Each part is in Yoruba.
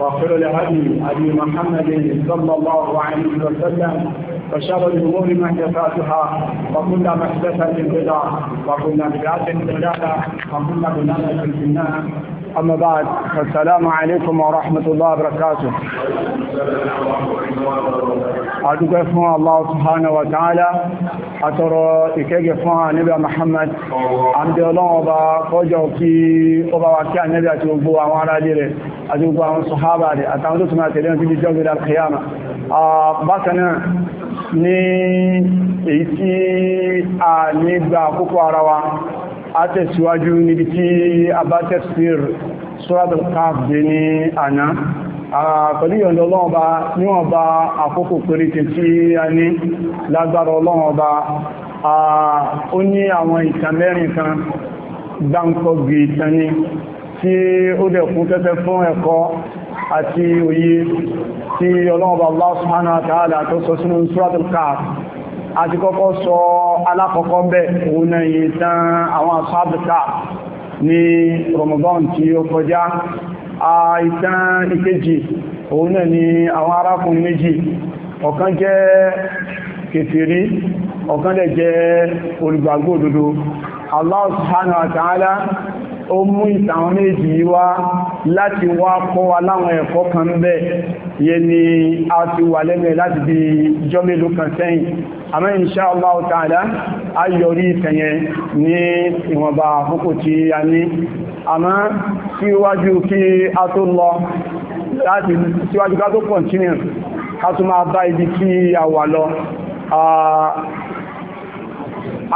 وخير الهدي ابي محمد صلى الله عليه وسلم فشر الامور محدثاتها وكل محدثه بدعه وكل بدعه ضلاله وكل ضلاله في النار أما بعد السلام عليكم ورحمة الله وبركاته أدوك اسمه الله سبحانه وتعالى àtọ̀rọ̀ ìkẹ́gẹ̀ fún ànẹ́bà Muhammad àmì ọlọ́run ọba kọjọ kí ọba wa kí ànẹ́bà àti gbogbo àwọn ará lè rẹ̀ àti gbogbo àwọn sọ̀hábà rẹ̀ àtàwọn tó túnmà tẹ̀lé ọdún jọ́ gbẹ̀dà kìyàmà bákanáà ní èyí tí a nígbà àkókò ara wa àtẹ̀síwájú níbi tí a bá tafsir suratul Kahf dé ní àná pẹ̀lú ìyọ̀ndọ̀ ọlọ́run ọba níwọ̀n bá àkókò péréte tí a ní lágbára ọlọ́run ọba ó ní àwọn ìtàn mẹ́rin kan gbáǹkọ́gbì ìtàn ni tí ó dẹ̀ kún fẹ́fẹ́ fún ẹ̀kọ́ àti òye tí ọlọ́run ọba Allah subhanahu wa ta'ala tó sọ sínú suratul Kahf àti kọ́kọ́ sọ alákọ̀ọ́kọ́ bẹ́ òun náà yìí tán àwọn àṣábìta ní Ramadan tí ó kọjá àìtàn ìkejì òun náà ni àwọn arákùnrin méjì ọ̀kan jẹ́ kèfèrí ọ̀kan lè jẹ́ olùgbàgbọ́ Allah subhanahu wa ta'ala ó mú ìtàwọn méjì wá láti wá kọ́ wa láwọn ẹ̀kọ́ kan bẹ́ yẹ ni a ti wà lẹ́gbẹ̀ẹ́ láti bí jọ mélòó kan sẹ́yìn àmọ́ insha Allah ta'ala a yọrí ìfẹ̀yẹ ní ìwọ̀nba àkókò tí a ní àmọ́ síwájú kí a tó lọ láti síwájú ká tó continue ká tó máa bá ibi kí a wà lọ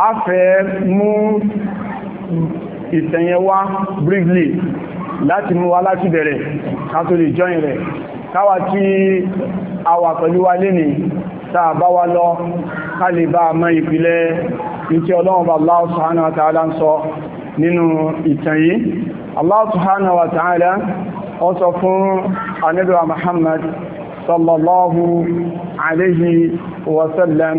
a fẹ́ mú ìtẹ̀yẹn wá briefly láti mú wa láti bẹ̀rẹ̀ kátó lè jọyìn rẹ̀ káwà tí a wà pẹ̀lú wa lè ní sáà bá wa lọ ká lè bá a mọ́ ìpìlẹ̀ ìtẹ́ ọlọ́run Allah subhanahu wa ta'ala ń sọ nínú ìtàn Allah subhanahu wa ta'ala ó sọ fún Muhammad sallallahu alaihi wasallam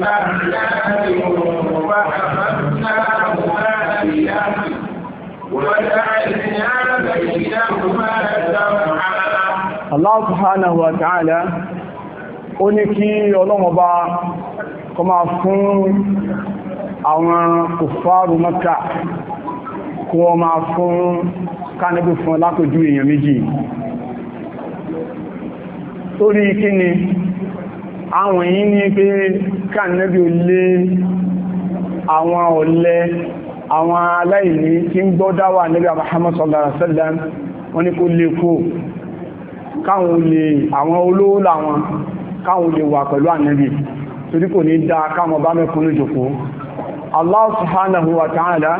Allah subhanahu wa ta'ala ó ní kí ọlọ́mọba kọ máa fún àwọn kòfàárù Mẹ́kà kó wọ́n máa fún kánibù fún lápòjú èèyàn méjì torí kí ni àwọn èyí ní pé káànẹ́bí ò lé àwọn ọ̀lẹ àwọn aláìní tí ń gbọ́dá wà níbi Muhammad sallallahu alaihi wasallam wọ́n ní kó lè kó káwọn olè àwọn olówó làwọn káwọn olè wà pẹ̀lú ànẹ́bí torí Allah subhanahu wa ta'ala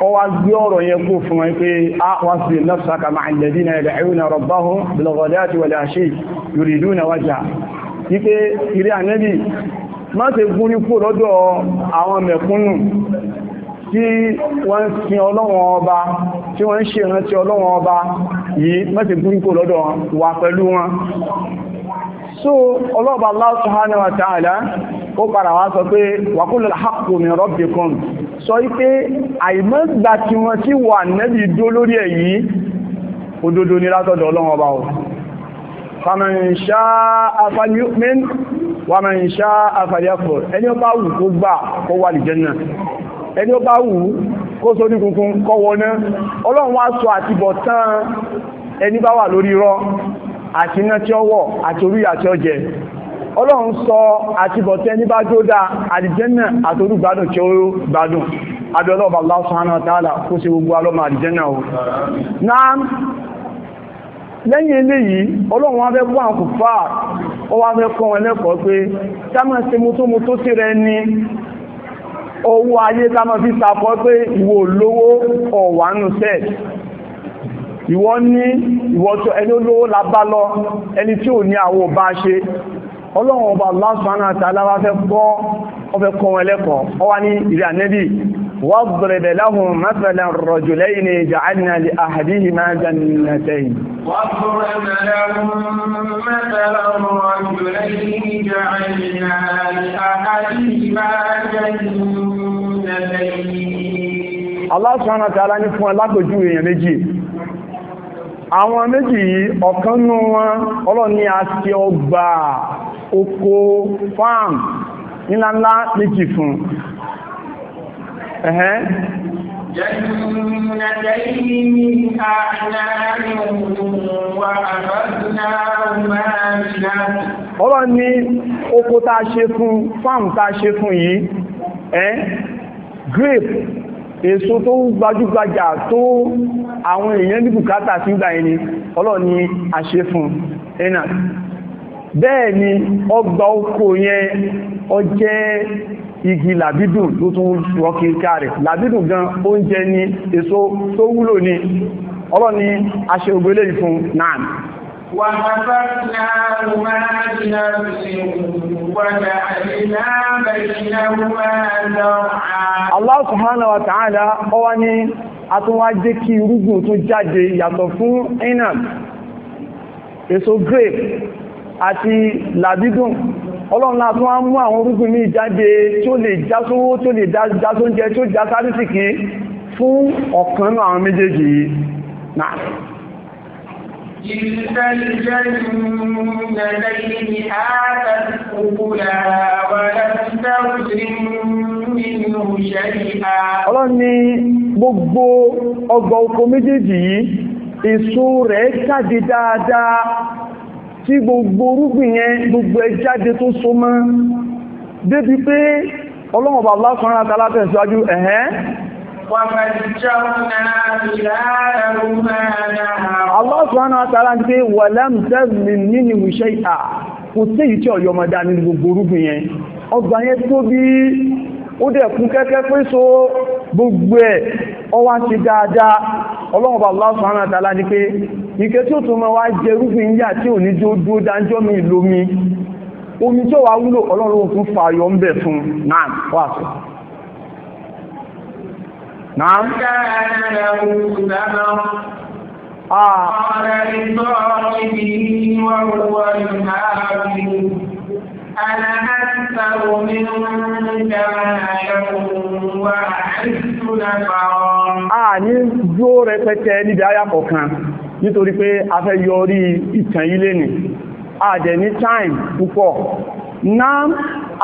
ó wá gbé ọ̀rọ̀ yẹn kú fún wọn pé a wá sí nafsaka ma'al ladina yad'una rabbahum bil ghadati wal ashi yuriduna wajha wípé ìrí ànẹ́bì má ṣe gúnrí fò lọ́dọ̀ àwọn mẹ̀kúnnù tí wọ́n sin ọlọ́wọ́n ọba tí wọ́n ń ṣe ìrántí ọlọ́wọ́n ọba yìí má ṣe gúnrí fò lọ́dọ̀ wà pẹ̀lú wọn so ọlọ́ọ̀bà Allah subhanahu wa ta'ala ó padà fàmàn ṣá afẹ́yọ́mìn wàmàn ṣá afẹ́yọ́fọ́ ẹni ó bá wù kó gbà kó wà lìjẹ́nà ẹni ó bá wù kó sórí kunkun kó wọná ọlọ́run wá sọ àti bọ̀ tán ẹni bá wà lórí rọ àti iná tí ó wọ̀ àti orí àti ọjẹ́ ọlọ́run sọ àti bọ̀ tẹ́ ní bá jó dáa àlìjẹ́nà àti tí ó gbádùn abẹ́ọlọ́ọ̀bà Allah lẹ́yìn eléyìí ọlọ́run wá fẹ́ bọ́ àwọn kò fà ó wá fẹ́ kọ́ wọn lẹ́kọ̀ọ́ pé sáàmà ṣe mú tó mú tó sí rẹ ní owó ayé sáàmà fi sàpọ̀ pé ìwọ olówó ọ̀wánú sẹ́ẹ̀ ìwọ ní ìwọ tó ẹni olówó labá lọ ẹni tí ò ní àwọ̀ bá ṣe ọlọ́run ọba Allah subhanahu wa ta'ala wá fẹ́ kọ́ ọfẹ́ kọ́ wọn lẹ́kọ̀ọ́ ọ wá ní ìrẹ́ ànẹ́bì واضرب لهم مثلا الرجلين جعلنا لأحدهما جنتين واضرب لهم مثلا الرجلين جعلنا لأحدهما جنتين الله سبحانه وتعالى ní fún alákojú èèyàn méjì àwọn méjì yìí ọ̀kan nú wọn ọlọ́ni a ti ọgbà oko farm níláńlá méjì fún ẹ̀hẹ́n ọlọ́ ní oko tá ṣe fún farm tá ṣe fún yìí ẹ́ grape èso tó ń gbajúgbajà tó àwọn èèyàn ní bùkátà sí gbà ẹni ọlọ́run ni a ṣe fún ẹ̀nà bẹ́ẹ̀ ni ọgbà oko yẹn ó jẹ́ igi làbídùn ló tún rọ́kí káàrẹ̀ làbídùn gan oúnjẹ ni èso tó wúlò ni ọlọ́run ni a ṣe ògbélé ìfún náà وحفظناهما بنفس وجعلنا بينهما زرعا الله سبحانه وتعالى ó wá ní a tún wá jẹ́ kí irúgbìn tó jáde yàtọ̀ fún inab èso grape àti ọlọ́run náà tún wá mú àwọn irúgbìn ní ìjáde tó lè jásówó tó lè jásóúnjẹ tó jásárísìkí fún ọ̀kan àwọn méjèèjì yìí náà كلتا الجنتين آتت أكلها ولم تظلم منه شيئا ọlọ́run ní gbogbo ọgbà oko méjèèjì yìí èso rẹ̀ jáde dáadáa tí gbogbo orúgbìn yẹn gbogbo ẹ jáde tó so mọ́ débi pé ọlọ́run bàbá lásán rán síwájú ẹ̀hẹ́n Allah subhanahu wa ta'ala ń pé wà lámtẹ́lì nínú ìṣẹ́ ìta, kò sí ìtí ọ̀yọ́ mọ̀dá ní gbogbo orúgbìn yẹn. Ọgbà yẹn tó bí ó dẹ̀ so gbogbo ti Ọlọ́run Allah subhanahu wa ta'ala mi Omi wulo نعم كان له ثمر قال لصاحبه وهو يحاول أنا أكثر منك مالا وأعز نفرا آه نزور فتاة لدايا قوكان nítorí pé a fẹ́ yọrí ìtàn ilé ni a dẹ̀ ní time púpọ̀ náà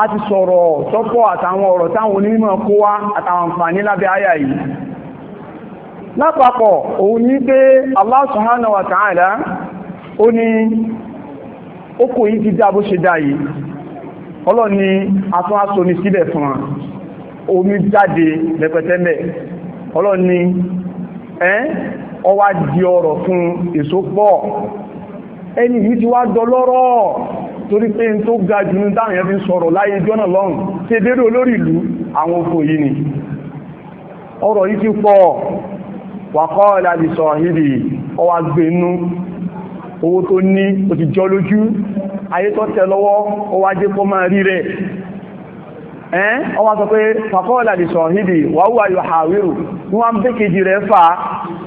a ti sọ̀rọ̀ tọ́pọ̀ àtàwọn ọ̀rọ̀ táwọn onímọ̀ kó wá àtàwọn àǹfààní lábẹ́ àyà yìí lápapọ̀ òun ní pé Allah subhanahu wa ta'ala ó ní ókò yìí ti dá bó ṣe dá yìí ọlọ́ni atún asomi síbẹ̀ fún wa omi jáde lẹ́pẹ̀tẹ́mẹ̀ ọlọ́ni ẹ́ ọwá di ọ̀rọ̀ fún èso pọ̀ ẹni yìí ti wá dọlọ́rọ̀ torí pé tó ga jù ní táwọn ẹ̀fí sọ̀rọ̀ láyé jọ́nà lọ́rùn tí è dédé olórí ìlú àwọn òfò yìí ni ọ̀rọ̀ yìí ti pọ̀ wàkọ́ ìlàdìsọ̀ ìdì ọwà gbénú owó tó ní ó ti jọ lójú ayé tó tẹ lọ́wọ́ ó Eh? ọ ọwá sọ pé fàkọ́ọ̀lá di yóò hàwírù kejì rẹ̀ fà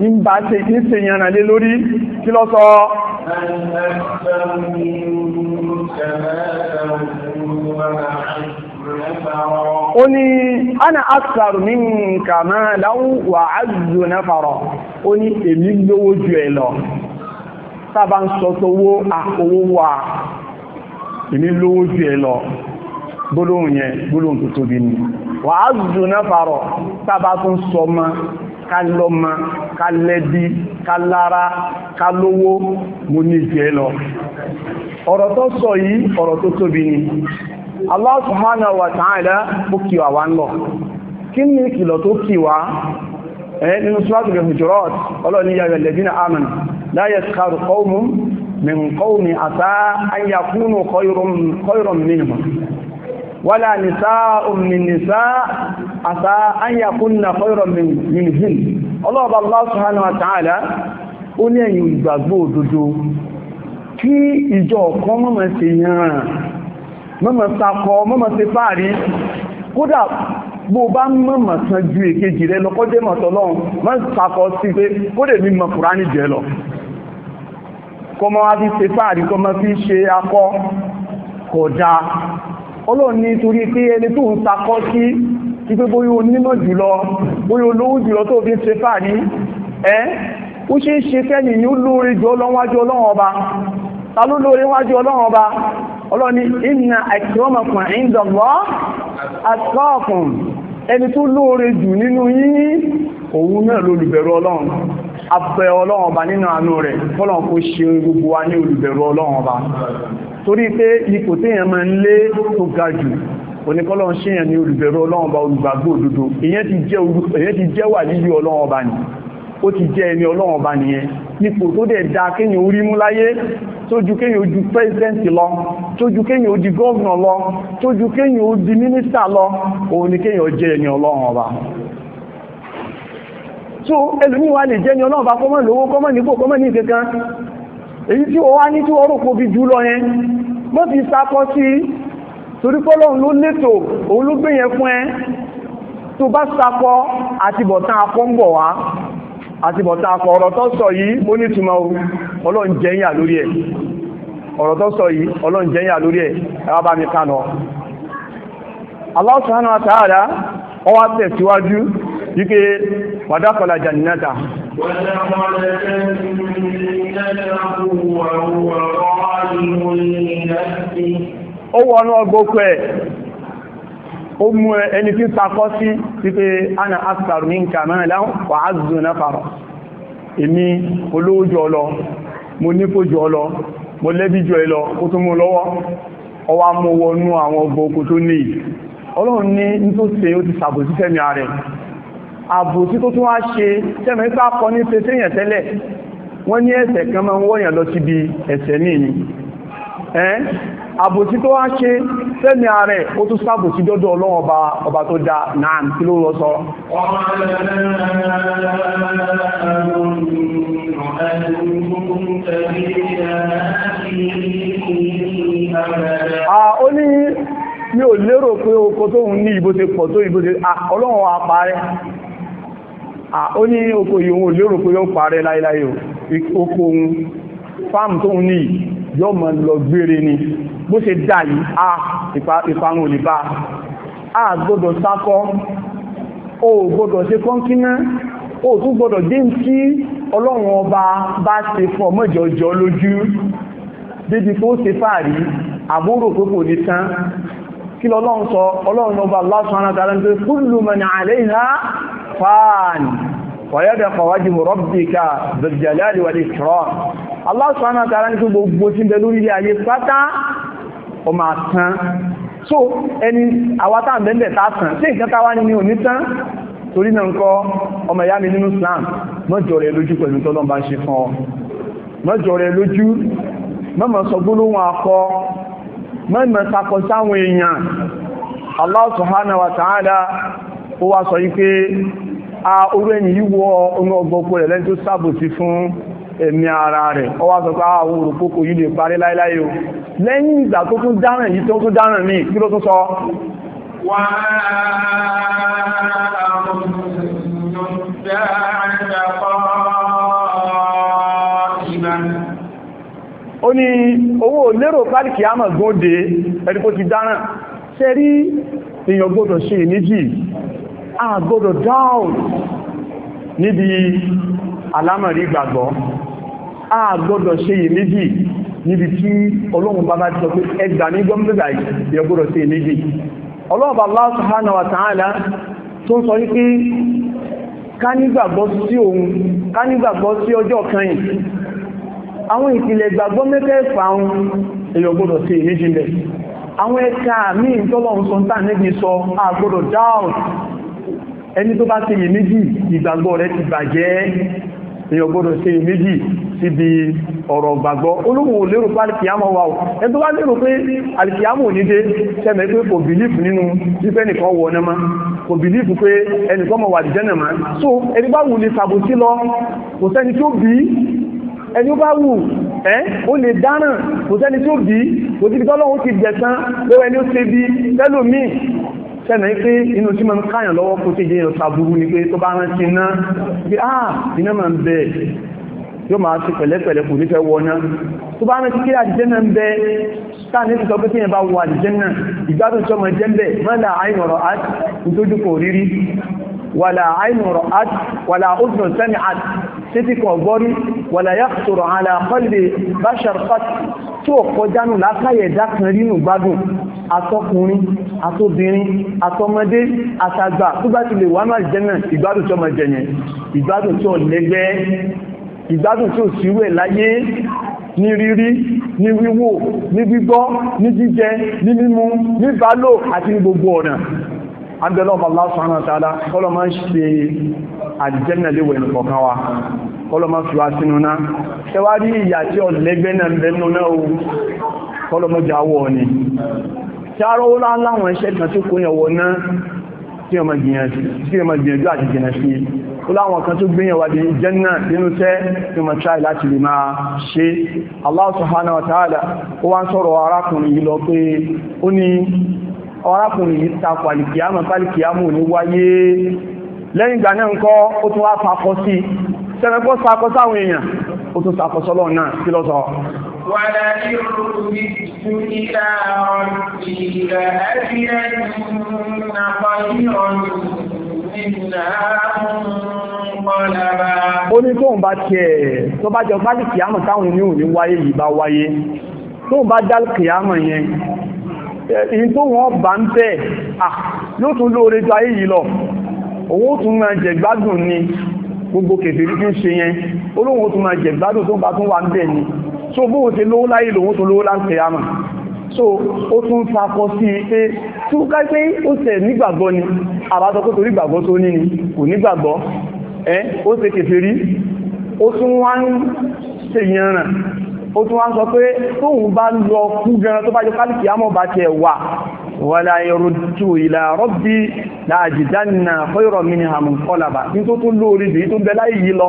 ń bá ṣe ń ṣe lé lórí kí ó ní ana wa azzu nafara ó ní èmi ah, lówó ju ẹ lọ sábà ń sọ sówó àkówó wà gbólóhùn yẹn gbólóhùn tó tóbi ni wà á zù náà fàrọ̀ tàbá tún sọ ma ká lọ́mọ ká lẹ́bí ká lára ká lówó mo ní ìjẹ́ lọ ọ̀rọ̀ tó sọ yìí ọ̀rọ̀ tó tóbi ni Allah subhanahu wa wà wá ni ya ayyuhallazina amanu la yaskharu qawmun min qawmin asa an yakunu khayran wala nisa'un min nisa' asa an yakunna khayran min hin ọlọ́ọ̀bá Allah subhanahu wa ta'ala ó ní ẹ̀yin ìgbàgbọ́ òdodo kí ìjọ kan mọ́mọ̀ sí yànràn mọ́mọ̀ sakọ mọ́mọ̀ sí fàárí kódà bó bá mọ́mọ̀ san ju èkejì rẹ lọ́kọ́jẹ́ mọ̀tọ́lọ́run mọ́ sakọ sí pé kódè mi mọ̀ kùránì jẹ lọ kọmọ wá fi ṣe fàárí kọmọ fi ṣe akọ kódà ọlọ́run ní torí pé ẹni tó ń takọ́ sí ti pé bóyí onímọ̀ jùlọ bóyí olówó jùlọ tó fi ń ṣe fà ní ẹ́ ó ṣe é ṣe fẹ́ni ní ó lóore jù ọlọ́wájú ọlọ́run ọba ta ló lóore wájú ọlọ́run ọba ọlọ́run ní inna akramakum indallah atqakum ẹni tó lóore jù nínú yín òun torí pé ipò tí èyàn máa ń lé tó ga jù oníkọ́lọ́n ṣíyàn ní olùbẹ̀rọ ọlọ́run ọba olùgbàgbò òdodo èyàn ti jẹ́ wà lílé ọlọ́run ọba ni ó ti jẹ́ ẹni ọlọ́run ọba nìyẹn nípò tó dẹ̀ da kéyàn orí mú láyé tójú kéyàn ó di pẹ́sidẹ́ntì lọ tójú kéyàn ó di gọ́ọ̀nà lọ tójú kéyàn ó di mínísítà lọ òun ni kéyàn jẹ́ ẹni ọlọ́run ọba so ẹlòmíwà lè jẹ́ ẹni ọlọ́run ọba kọ́mọ̀ lówó kọ́mọ̀ nípò kọ́mọ̀ ní ìkẹ́kan èyí tí wọ́n wá ní tí wọ́n rò kó bí jù lọ yẹn mọ́ fi sápọ́ sí torí pọ́lọ́hun ló létò òun ló gbé yẹn fún ẹ tó bá sápọ́ àtibọ̀tán akọ́ ń bọ̀ wá àtibọ̀tán akọ ọ̀rọ̀ tó sọ yìí ó ní túnmọ̀ ọlọ́run jẹ́yà lórí ẹ̀ ọ̀rọ̀ tó sọ yìí ọlọ́run jẹ́yà lórí ẹ̀ ẹ bá mi kánà ọwá tẹ̀síwájú wípé wàdákọ̀lá jannata ó wọnú ọgbókọ̀ ẹ̀ ó mú ẹni tí sakọ́ sí wípé ana astar minka malan èmi olóòjò ọlọ mo nífòjò ọlọ mo lẹ́bíjò ẹlọ ó tún mú lọ́wọ́ ọwá wọnú àwọn tó ní ọlọ́run ní tó ṣe ó ti sàbòsí ààrẹ àbòsí tó tún wá ṣe kọ ní ṣe séyàn tẹ́lẹ̀ wọ́n ní ẹ̀ṣẹ̀ kan máa ń wọ́yàn lọ síbi ní ni àbòsí tó wá ṣe mi ò lérò pé oko tó ń ní ìbò ṣe pọ̀ tó ìbò ṣe ọlọ́run àparẹ́ ó ní oko yìí òun ò lérò pé yóò parẹ́ láíláí oko ohun fáàmù tó ń ní yóò mọ̀ lọ gbére ni bó ṣe dà yìí a ìparun òlìbá a gbọ́dọ̀ sákọ́ o gbọ́dọ̀ ṣe kọ́ńkínà o tún gbọ́dọ̀ dé tí ọlọ́run ọba bá ṣe fún ọmọjọjọ lójú débi kó ṣe fàárí àbúrò pé kò ní tán kí lọ́lọ́run sọ ọlọ́run ọba Allah subhanahu wa ta'ala pé kullu man 'alayha fan wa yabqa wajhu rabbika dhul jalali wal ikram Allah subhanahu so ẹni àwátà bẹ̀ẹ̀bẹ̀ tá tán tí ìkẹta wá ní òní tán torí náà ń kọ́ ọmọ ìyá mi nínú Islam mọ́jọ rẹ̀ lójú pẹ̀lú tọ́lọ́mbà ṣe fún ọ mẹ́mẹ́ takọ sáwọn èèyàn Allah subhanahu wa ó wá sọ a orú ẹni yíwọ ọmọ ọgbọ́kú rẹ̀ lẹ́ni tó fún ẹ̀mí ara rẹ̀ ó wá sọ pé àwọn yìí lè parí láíláí o lẹ́yìn ìgbà tó tún dáràn yìí tó tún dáràn kí ló tún sọ ó ní owó lérò pálìkì àmà góde ẹ̀dìkò ti dáràn ṣe rí èyàn gbọ́dọ̀ ṣe ìníjì a gbọ́dọ̀ dáun níbi alámọ̀rí gbàgbọ́ a gbọ́dọ̀ ṣe ìníjì níbi tí ọlọ́run bá bá ti sọ pé ẹgbà ní gọ́mìnà èyàn gbọ́dọ̀ ṣe ìníjì ọlọ́run bá Allah subhanahu wa ta'ala àwọn ìpìlẹ̀ ìgbàgbọ́ mẹ́fẹ̀ẹ̀fà ń èyàn gbọ́dọ̀ sí èméjì lẹ̀ àwọn ẹ̀ka míì tọ́lọ̀ ń sọ́ntà níbi sọ àgbọ́dọ̀ doubt ẹni tó bá sí èméjì ìgbàgbọ́ rẹ̀ ti bàjẹ́ èyàn gbọ́dọ̀ sí èméjì síbi ọ̀rọ̀ gbàgbọ́ olóhùn ò lérò pé alìkìyàmọ̀ wà ó ẹni tó bá lérò pé alìkìyàmọ̀ ò ní dé sẹ́mẹ̀ pé kò bìlífù nínú wípé nìkan wọ̀ ọ́nà máa kò bìlífù pé ẹnìkan mọ̀ wà dìjẹ́nà máa so ẹni bá wù ní sàbòsí lọ kò sẹ́ni tó ẹni ó bá wù ẹ́ ó lè dáràn kò sẹ́ni tó bí kò sí tọ́lọ́wọ́ ti jẹ̀sán lọ́wọ́ ẹni ó ṣe bí tẹ́lòmíì sẹ́nà pé inú tí ma ń káyàn lọ́wọ́ kó tí jẹ́ ọ̀sàbúrú ni pé tó bá rán sí iná bí á ah, iná ma ń bẹ yóò máa ti pẹ̀lẹ́pẹ̀lẹ́ kò nífẹ́ wọná tó bá rán sí kí àjíjẹ́ náà ń bẹ táà ní sọ pé tí yẹn bá wọ àjíjẹ́ náà ìgbádùn tí ọmọ jẹ́ ń bẹ mọ́lá àìnọ̀rọ̀ àti ìtójúkọ̀ òrírí wàlà àìnùrọ̀ àti wàlà òdùnù sẹ́mi àti títí kan gbọ́rí wàlà yàtọ̀rọ̀ àlà kọ́lẹ̀ báṣàrfàt tí ó kọjánù látàyè dákan rínú gbádùn atọ́kùnrin atóbìnrin atọmọdé àtàgbà tó bá ti lè wà máa jẹ́nà ìgbádùn tí ọmọ jẹ̀yẹn ìgbádùn tí ó abẹ́lọ́bà Allah subhanahu wa ta'ala kọ́lọ̀ máa ń ṣe àjẹ́nàléwẹ̀ nìkọ̀kan wa kọ́lọ̀ máa fi wá sínú náà ṣẹwà rí ìyà tí ọ lẹ́gbẹ́ náà lẹ́nu náà o kọ́lọ̀ mọ́ jà wọ́ ni tí a rọ́wọ́ láwọn iṣẹ́ kan tí kò yẹ̀wọ̀ náà tí jẹ́nà nínú tẹ́ tí ó máa láti lè máa ṣe Allah subhanahu wa ta'ala ó wá ń sọ̀rọ̀ arákùnrin yìí lọ pé ó ní ọrákùnrin yìí takò alìkìyàmù pálìkìyàmù ní wáyé lẹ́yìn ìgbà náà ń kọ́ ó tún wá fakọ sí sẹ́fẹ́kọ́ sakọ sáwọn èèyàn ó tún sakọ sọ́lọ́ náà sí lọ́sọ ó ní tóun bá tiẹ̀ tó bá jọ pálìkìyàmù táwọn ènìyàn ní wáyé yìí bá wáyé tóun bá dálìkìyàmù yẹn èyí tó wọ́n bá ń tẹ́ yóò tún lóore tó ayé yìí lọ owó tún máa jẹ gbádùn ni gbogbo kèfèrí tí ń ṣe yẹn olóhun tún máa jẹ gbádùn tó bá tún wà ń bẹ̀ ni so bó ṣe lówó láyé lòun tún lówó láti àmà so ó tún fakọ sí pé tí ó káí ó ṣe nígbàgbọ́ ni àbátọ tó torí gbàgbọ́ tó ní ni kò nígbàgbọ́ ẹ́ ó ṣe kèfèrí ó tún wá ń ṣèyànràn ó tún wá ń sọ pé tóun bá lọ kú gan tó bá jọ kálìkì àmọ́ bá tiẹ̀ wà wàlá ìrùtù ìlà rọ́bí láàjìdánà fọ́ìrọ̀ mìíràn àmù kọlàbà ní tó tó lóore jù tó bẹ láì yìí lọ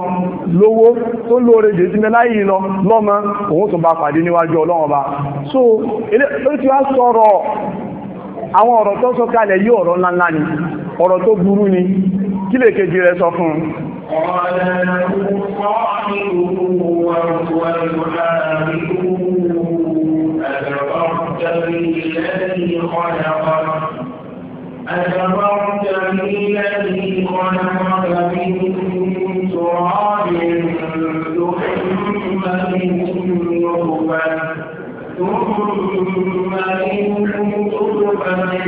lówó tó lóore jù tó bẹ láì yìí lọ lọ́mọ òun tó bá pàdé níwájú ọlọ́ọ̀ba so ó ti wá sọ̀rọ̀ àwọn ọ̀rọ̀ tó sọ kalẹ̀ ni ọ̀rọ̀ tó قال له صاحبه وهو يحاوره أكفرت بالذي خلقك أكفرت بالذي خلقك من تراب ثم من نطفة ثم من نطفة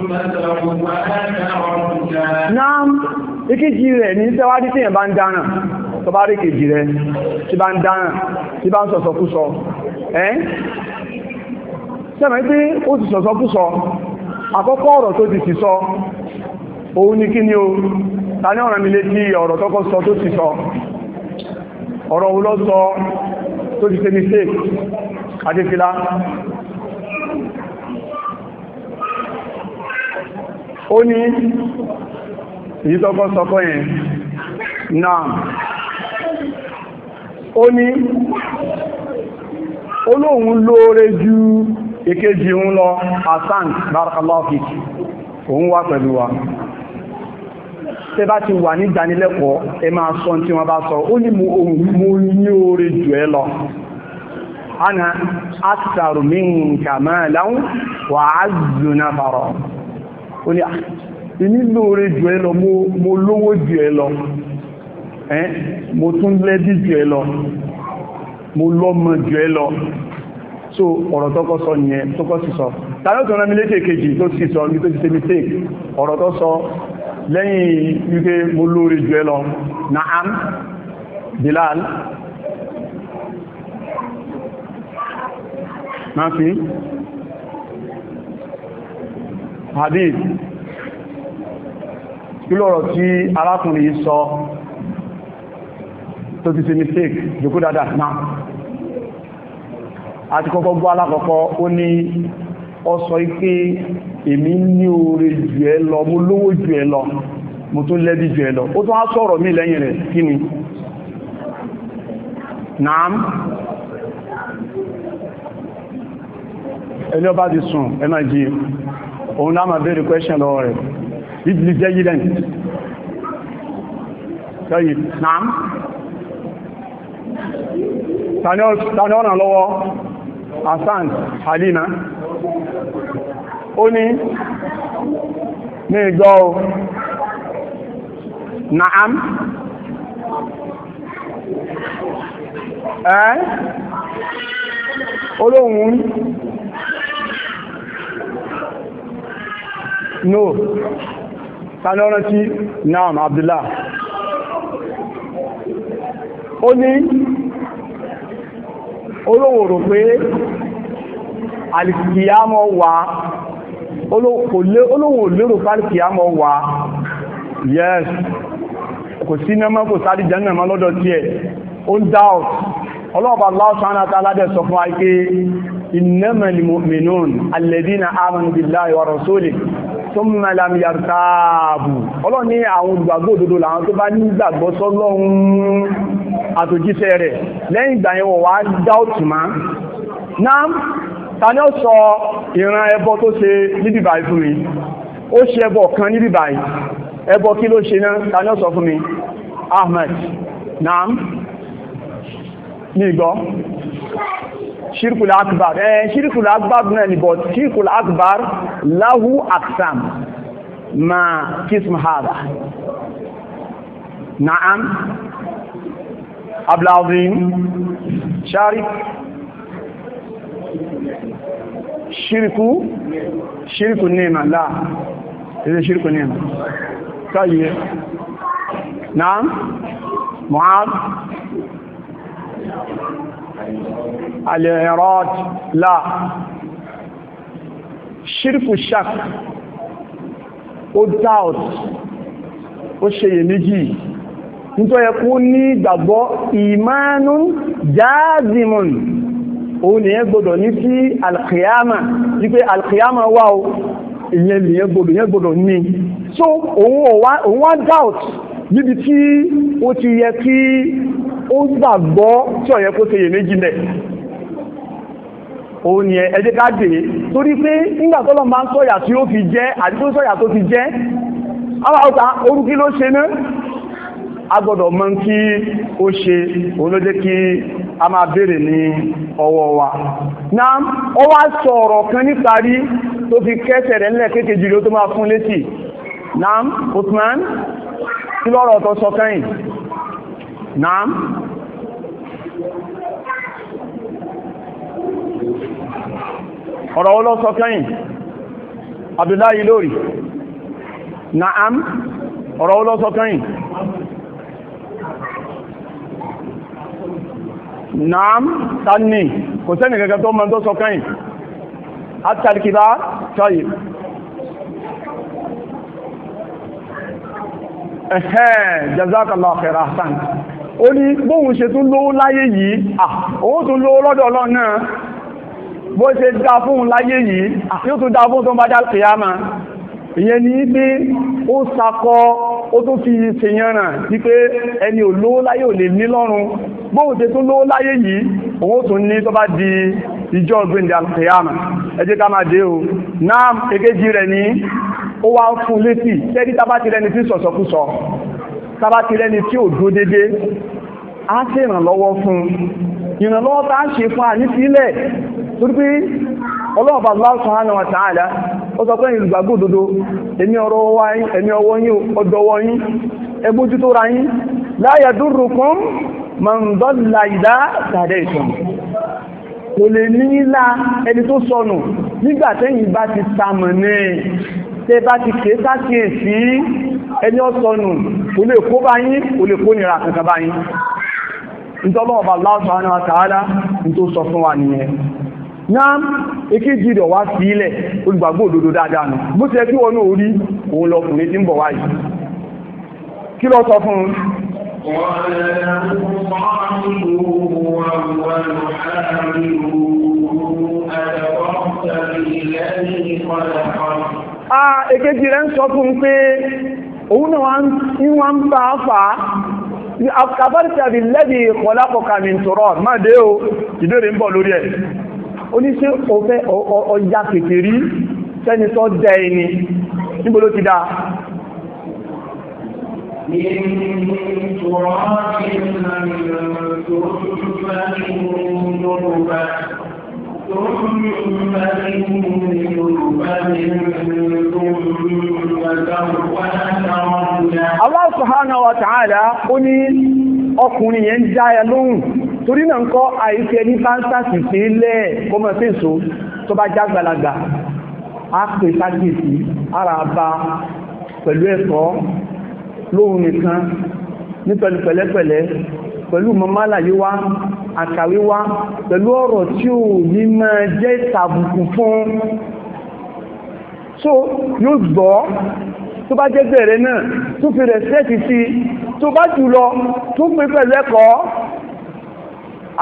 ثم سواك رجلا نعم ìkejì rẹ̀ ní tẹ́wádìí tí yẹn bá ń dáràn tó bá rí kejì rẹ̀ tí bá ń dáràn tí bá ń sọ̀sọ̀kúsọ ẹ́ sẹ́mẹ̀ pé ó ti sọ̀sọ̀kúsọ àkọ́kọ́ ọ̀rọ̀ tó ti sọ òun ni kí ni o ta ní ọ̀rọ̀ mi létí ọ̀rọ̀ tọ́kọ́ sọ tó ti sọ ọ̀rọ̀ wo ló sọ tó ti ṣe mistake adéfilá ó ní èyí tọ́kọ́ sọkọ́ yẹn náà ó ní olóhun lóore ju èkejì ń lọ asan barakalọ́fik òun wá pẹ̀lú wa tẹ bá ti wà ní ìdánilẹ́kọ̀ọ́ ẹ máa sọ tí wọ́n bá sọ ó ní mo ní oore jù ẹ lọ ana aktharu minka malan wa azzu nafara ó ní ìní lóore jù ẹ lọ mo lówó jù ẹ lọ mo tún lẹ́dí jù ẹ lọ mo lọ́mọ jù ẹ lọ so ọ̀rọ̀ tọ́kọ́ sọ nìyẹn tọ́kọ́ sì sọ tàbí ọ̀tọ̀ rámi lékè kejì tó sì sọ ní tó ti ṣe mistake ọ̀rọ̀ tọ́ sọ lẹ́yìn wípé mo lóore jù ẹ lọ na'am Bilal Nafi Hadith kí lọ́rọ̀ tí arákùnrin yìí sọ tó ti ṣe mistake jùkú dáadáa náà àti kọ́kọ́ gbọ́ alákọ̀ọ́kọ́ ó ní ọ sọ pé èmi ní oore jù ẹ lọ mo lówó jù ẹ lọ mo tó lẹ́bí jù ẹ lọ ó tó á sọ̀rọ̀ mí lẹ́yìn rẹ̀ kí ni naam ẹni ọba ti sùn ẹ máa jí òun náà máa bèèrè question lọ́wọ́ rẹ̀ ibni jayidan sẹ́yìn náà tàní ọ̀nà lọ́wọ́ Hassan Halima ó ní ní ìgbọ́ Naam Eh. olóhun no tàlọ́rántí naam Abdullah ó ní olówòrò pé alìkìyàmọ́ wà olówò lérò pálìkìyàmọ́ wà yes kò sí nẹ́mọ́ kò sáré jẹ́nàmọ́ lọ́dọ̀ tí ẹ̀ ó ń dáọ̀ ọlọ́ọ̀bà Allah subhanahu wa ta'ala dẹ̀ sọ fún àìké innamal mu'minun alladhina amanu billahi thumma lam yartabu ọlọ́ni àwọn olùgbàgbọ́ òdodo làwọn tó bá nígbàgbọ́ sọ́lọ́run àtòjíṣẹ́ rẹ̀ lẹ́yìn ìgbà yẹn wọ́n wá dá òtù má náà ta ni ó sọ ìran ẹbọ tó ṣe níbi báyìí fún mi ó ṣe Ahmed náà ní شرك الأكبر إيه شرك الأكبر نعم بس شرك الأكبر له أقسام ما قسم هذا نعم أبلاظين شارك شرك شرك النعمة لا هذا شرك النعمة طيب نعم معاذ al-i'rad la ṣírfù ṣak ó doubt ó ṣeyè méjì nítorí ẹkú ní ìgbàgbọ́ ìmánú jazimun òun ni ẹ gbọdọ̀ ní sí al-qiyama wípé al wà ó ìyẹn lè yẹ gbọdọ̀ ní so òun wá doubt níbi tí ó ti yẹ kí ó gbàgbọ́ tí ó yẹ kó ṣeyè méjì mẹ́ òun ni ẹjẹ́ ká dè torí pé nígbà tọ́lọ̀ máa ń sọ̀yà tí ó fi jẹ́ àti tó sọ̀yà tó fi jẹ́ àwọn ọ̀tá orúkí ló ṣe náà agbọ́dọ̀ mọ̀ kí ó ṣe olóde kí a máa bèèrè ní ọwọ́ wa náà ó wá sọ ọ̀rọ̀ kan níparí tó fi kẹ́sẹ̀ rẹ̀ nílẹ̀ kéèkéjì ló tó máa fún létí náà Usman kí lọ́rọ̀ ọ̀tọ̀ sọ kẹ́yìn náà ọ̀rọ̀ olóòsọ kẹ́yìn Abdullahi lórí na'am ọ̀rọ̀ olóòsọ kẹ́yìn na'am tanni kò sẹ́nì gẹ́gẹ́ tó mọ́ tó sọ kẹ́yìn atàlìkìlá tọ́yì ẹ̀hẹ́ jazakallah khairan ahsan ó ní bóhun ṣe tún lówó láyé yìí ah òun tún lówó lọ́dọ̀ ọlọ́ bó ṣe dá fún láyé yìí yóò tún dá fún tó bá dá kìyàmà ìyẹn ni pé ó sakọ ó tún fi ṣèyànrà wípé ẹni ò lówó láyé ò lè ní lọ́run bóòdé tó lówó láyé yìí òun tún ní tó bá di ìjọ ọgbìn alkiyama ẹ jẹ́ ká máa dé o náà èkejì rẹ̀ ní ó wá fún létí tẹ́rí tàbá ti rẹni tí sọ̀sọ̀kúsọ tàbá ti rẹni tí ò dó ìrànlọ́wọ́ tá ń ṣe fún àní sílẹ̀ torí pé ọlọ́ọ̀bà subhanahu wa ta'ala ó sọ pé ìrùgbàgbò òdodo ẹ̀mí ọwọ́ yín ọdọwọ́ yín ẹgbójú tó ra yín la yadurrukum man dalla idha tadaytum kò lè ní nílá ẹni tó sọnù nígbàtẹ́yìn bá ti sàmọ̀ ní tẹ́ bá ti kèé sákèé sí ẹni ọ̀sọnù kò lè kó bá yín kò lè kó nìra kankan bá yín ìtọ́lọ́ọ̀bà láàtọ̀ àwọn àtàálá tó sọ fún wa nìyẹn náà èkéjì rẹ̀ wá sí ilẹ̀ olùgbàgbọ́ òdodo dáadáa nù bó ṣe kí wọnú orí òun lọkùnrin bọ̀ wáyìí ah, rẹ̀ ń sọ fún pé òun náà wọ́n ń bá fàá àkàbáríkà bí lẹ́bí kọlápọ̀ká mi tọrọ máa dé o ìbéèrè ń bọ̀ lórí ẹ̀ ó ní ṣe ọfẹ́ ọjà kèkè rí sẹ́ni tó dẹ ẹni níbo ló ti dá ثم إني تربى من ثم تربى Allah subhanahu wa ta'ala ó ní ọkùnrin yẹn jáyà lóhùn torí náà ń kọ́ àìsẹ́ ní báńsàtì sí ilẹ̀ kọmọ̀sẹ́sọ tó bá jágbàlagbà á pè sáàkìsì ara bá pẹ̀lú ẹ̀kọ́ lóhùn nìkan ní pẹ̀lú pẹ̀lẹ́pẹ̀lẹ́ pẹ̀lú mọ́málà yíwá àkàwíwá pẹ̀lú ọ̀rọ̀ tí ò ní máa jẹ́ ìtàbùkù fún so yóò gbọ́ tó bá jẹ́ bẹ̀rẹ̀ náà tó fi rẹ̀sẹ́ẹ̀tì sí tó bá jùlọ tó pè pẹ̀lú ẹ̀kọ́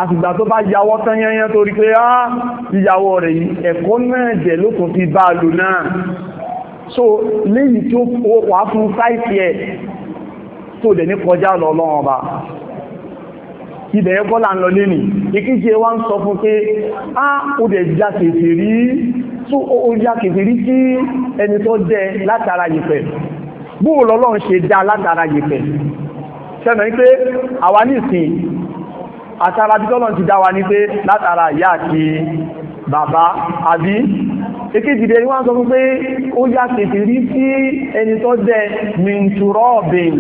àtìgbà tó bá yàwọ́ tán yẹnyẹn torí pé ah, á ìyàwó rẹ̀ yìí ẹ̀kọ́ náà jẹ́ lókùn fi bá lò náà so léyìí tó wà fún sáìtì ẹ̀ tó dẹ̀ ní kọjá lọ lọ́wọ́ ibẹ̀ ẹgbọ́ là ń lọ lẹ́nì ìkíje wá ń sọ fún pé á ó dẹ̀ já kèfè rí tó ó já kèfè rí sí ẹni tó jẹ látara yìfẹ̀ bóò lọ́lọ́run ṣe dá látara yìfẹ̀ sẹ́mẹ̀ ń pé àwa nísìn àtàrà bí tọ́lọ́run ti dá wa ní pé látara ìyá àti bàbá àbí ekéjìdẹ̀ ni wọ́n sọ fún pé ó yá tètè rí sí ẹni tó jẹ́ mìntúrọ́ ọ̀bìn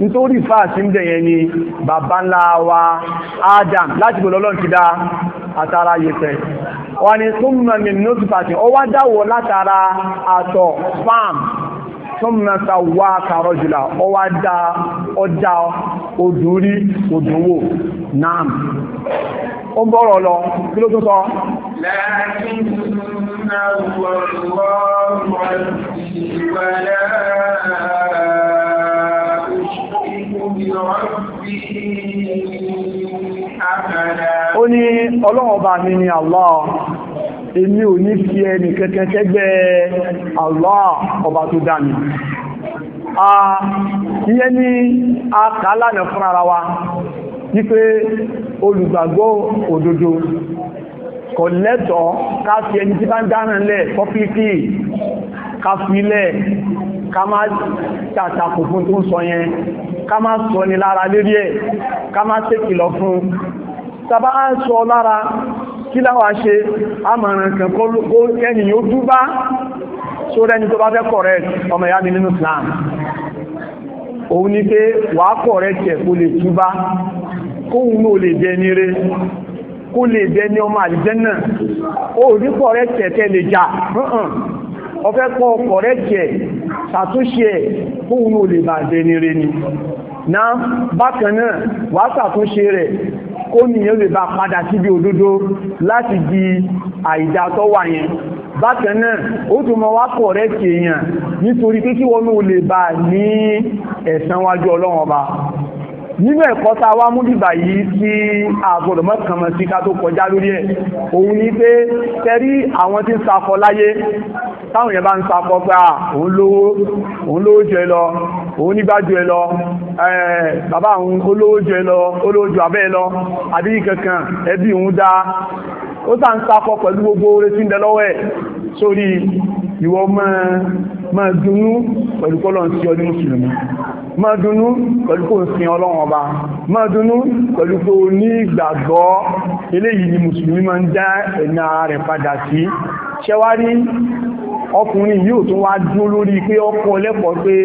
nítorí fàá sí ń bẹ̀yẹn ni bàbá ńlá wa Adam láti bọ̀ lọ́lọ́n ti dá àtàrà yẹ̀pẹ̀ wọ́n ni súnmọ̀ mi nótìfàtì ó wá dáwọ̀ látara àtọ̀ fáàmù súnmọ́ sa wá kàrọ̀ jùlọ ọ wá dá ọjà odúrí náà ó bọ́rọ̀ lọ kí ló tún sọ ó ní ọlọ́wọ́ bá ní ni Allah èmi ò ní fi ẹni kẹ́kẹ́ kẹ́gbẹ́ Allah ọba tó dá mi ìyẹn ni a kà lánàá fún ara wa wípé olùgbàgbọ́ òdodo kò lẹ́tọ̀ọ́ ká fi ẹni tí bá ń dáràn lẹ̀ fọ́pípì ká fi lẹ̀ ká má tàtàkù fún tó ń sọ yẹn ká má sọ ni lára lérí ẹ̀ ká má ṣèkìlọ̀ fún tàbá ń sọ lára kí láwà ṣe àmàràn kan kó ẹnìyàn ó dúbá sórí ẹni tó bá fẹ́ kọ̀rẹ́ ọmọ ìyá mi nínú Islam òun ni pé wà á kọ̀rẹ́ tẹ̀ kó lè túbá kóhun náà lè jẹ ní rẹ̀ kó lè jẹ ní ọmọ àlìjẹ́ náà ó rí kọ̀rẹ́ tẹ̀ tẹ̀ lè jà ọfẹ́ pọ̀ kọ̀rẹ́kì ẹ̀ ṣàtúnṣe ẹ̀ fún olè bàjẹ́ ní rẹ̀ ni na bákan náà wà ṣàtúnṣe rẹ̀ kó nìyàn lè bá padà síbi òdodo láti di àìdá tó wà yẹn bákan náà ó tún mọ wá kọ̀rẹ́kì èèyàn nítorí pé kí wọ́n lè bá ní ẹ̀san wájú ọlọ́wọ́n ọba nínú ẹ̀kọ́ tá a wá mú dìbà yìí sí àgbọ̀dọ̀ mọ́kànmọ́ sí ká tó kọjá lórí ẹ̀ òun ni pé tẹ́rí àwọn tí ń sakọ láyé táwọn yẹn bá ń sakọ pé òun lówó òun lọ òun ní gbájú ẹ lọ bàbá òun olówó jù lọ olówó jù abẹ́ lọ àbí kankan ẹbí òun dá ó tà ń sákọ pẹ̀lú gbogbo oore tí ń bẹ lọ́wọ́ ẹ̀ sórí ìwọ máa dùnnú pẹ̀lú kọ́lọ̀ sí ọdún mùsùlùmí máa dùnnú pẹ̀lú kò sin ọlọ́run ọba máa dùnnú pẹ̀lú kò ní ìgbàgbọ́ eléyìí ni mùsùlùmí máa ń já ẹ̀nà rẹ̀ padà sí ṣẹwárí ọkùnrin yóò tún wá dúró lórí pé ọkọ̀ lẹ́pọ̀ pé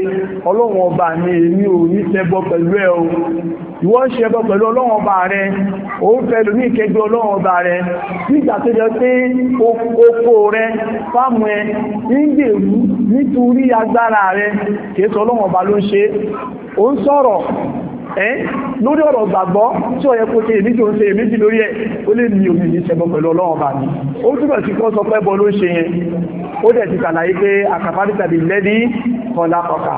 ọlọ́run ọba ni èmi ò ní ṣẹbọ pẹ̀lú ẹ o ìwọ ń pẹ̀lú ọlọ́run ọba rẹ òun fẹ́ lómi ìkẹgbẹ́ ọlọ́run ọba rẹ bí bí ìgbà tó jẹ pé oko rẹ fáàmù ẹ ń gbèrú nítorí agbára rẹ kìí sọ ọlọ́wọ̀n ọba ló ń ṣe ó ń sọ̀rọ̀ ẹ́ lórí ọ̀rọ̀ gbàgbọ́ tí ó yẹ kó ṣe èméjì ó ń ṣe èméjì lórí ẹ̀ ó lè ní omi ní ṣẹbọ pẹ̀lú ọlọ́run bá ní ó túnbẹ̀ sí kọ́ sọ pé bọ́ ló ṣe yẹn ó dẹ̀ ti kàlàyé pé àkàfàrí tàbí lẹ́dí kọlápọ̀kà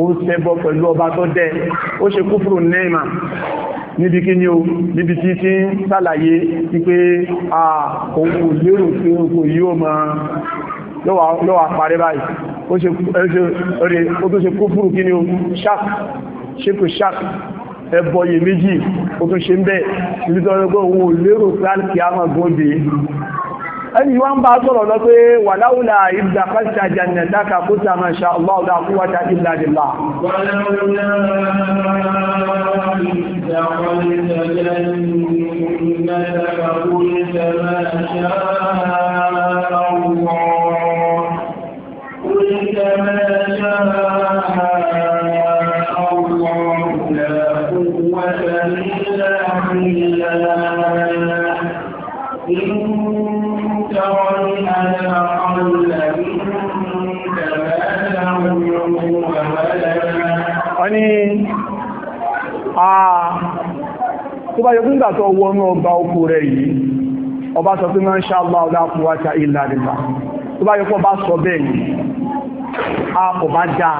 ó ṣẹbọ pẹ̀lú ọba tó dẹ ó ṣe kúfùrù nẹ́ẹ̀mà níbi kí ní o níbi tí tí ń sàlàyé tí pé à òun lérò tí ó kò yíò mọ́ lọ́wà parí báyìí ó tó ṣe kúfúrú kí ní o ṣák ṣe kò ṣák ẹbọyè méjì ó tó ṣe ń bẹ́ nítorí pé òun lérò pé alìkìá ẹni wá ń bá sọ̀rọ̀ lọ pé wà láúlà ìdá kọ́ta jẹ́nà dáka kó ta máa ṣe aláwọ̀dá kúwàtà ìlà dìlà Thank you. tó bá yọkún gbà tó wọnú ọba okú rẹ̀ yìí ọba sọ pé máa ṣàlá ọlápùwátà ilẹ̀ bá sọ bẹ́ẹ̀ yìí a kò bá já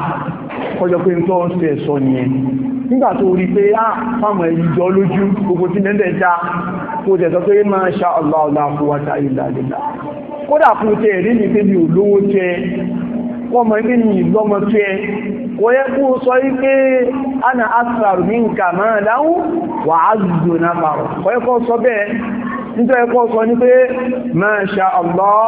kọjọ pé tó ń sẹ sọ nìyẹn nígbà tó rí pé á ah, fáwọn jọ lójú gbogbo tí já kó sọ pé máa ṣàlá ọlápùwátà ilẹ̀ kódà fún ní pé wọ́n mọ̀ ilé ní ìgbọ́mọ̀ tí ẹ kò yẹ kú sọ wípé a na asrar minka máa dáhùn wà á zùdò náà bàrọ̀ kò yẹ kọ́ sọ bẹ́ẹ̀ nítorí ẹ̀kọ́ sọ ní pé ma sha Allah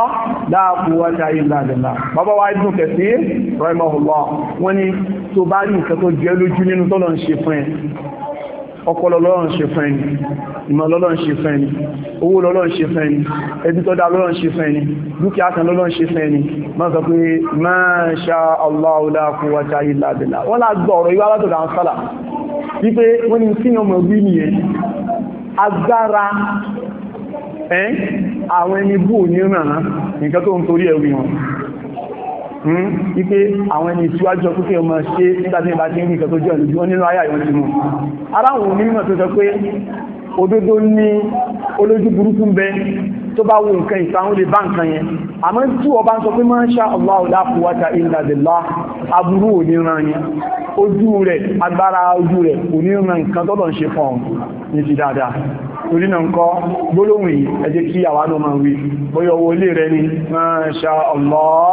la quwwata illa billah bàbá wa Ibn Kathir rahimahullah wọ́n ni tó bá rí nǹkan tó jẹ́ lójú ọpọlọ lọ́rọ̀ ṣe fẹ́ ni ìmọ̀ lọ́rọ̀ ṣe fẹ́ ni owó lọ́rọ̀ ṣe fẹ́ ni ẹbí tọ́dá lọ́rọ̀ ṣe fẹ́ ni dúkìá kan lọ́rọ̀ ṣe fẹ́ ni má sọ pé ma sha Allahu la quwwata illa billah wọ́n lágbọ́ ọ̀rọ̀ ìwá látọ̀dá ń sálà wípé wọ́n ni tí ọmọ wí nìyẹn agbára ẹ́ Hmm? wípé àwọn ẹni ìṣíwájú ọkúkẹ́ ọmọ ṣe nígbàtí ìbá ti ń rí ìkẹ́ tó jẹ́ ìlú wọn nínú ayà ìwọ̀n ti mú ara àwọn onímọ̀ tó sọ pé òdodo ní olójú burúkú ń bẹ tó bá wo nǹkan ìsáhún lè bá nǹkan yẹn àmọ́ tí ọba ń sọ pé máa ń ṣá Allahu la quwwata illa aburú ò ran yẹn ojú rẹ̀ agbára ojú rẹ̀ ò ran nǹkan tọ́lọ̀ ń ṣe fún ní ti dáadáa torí náà kọ́ gbólóhùn yìí ẹ jẹ́ kí àwa máa wí bóyọ owó ilé rẹ ni Masha Allah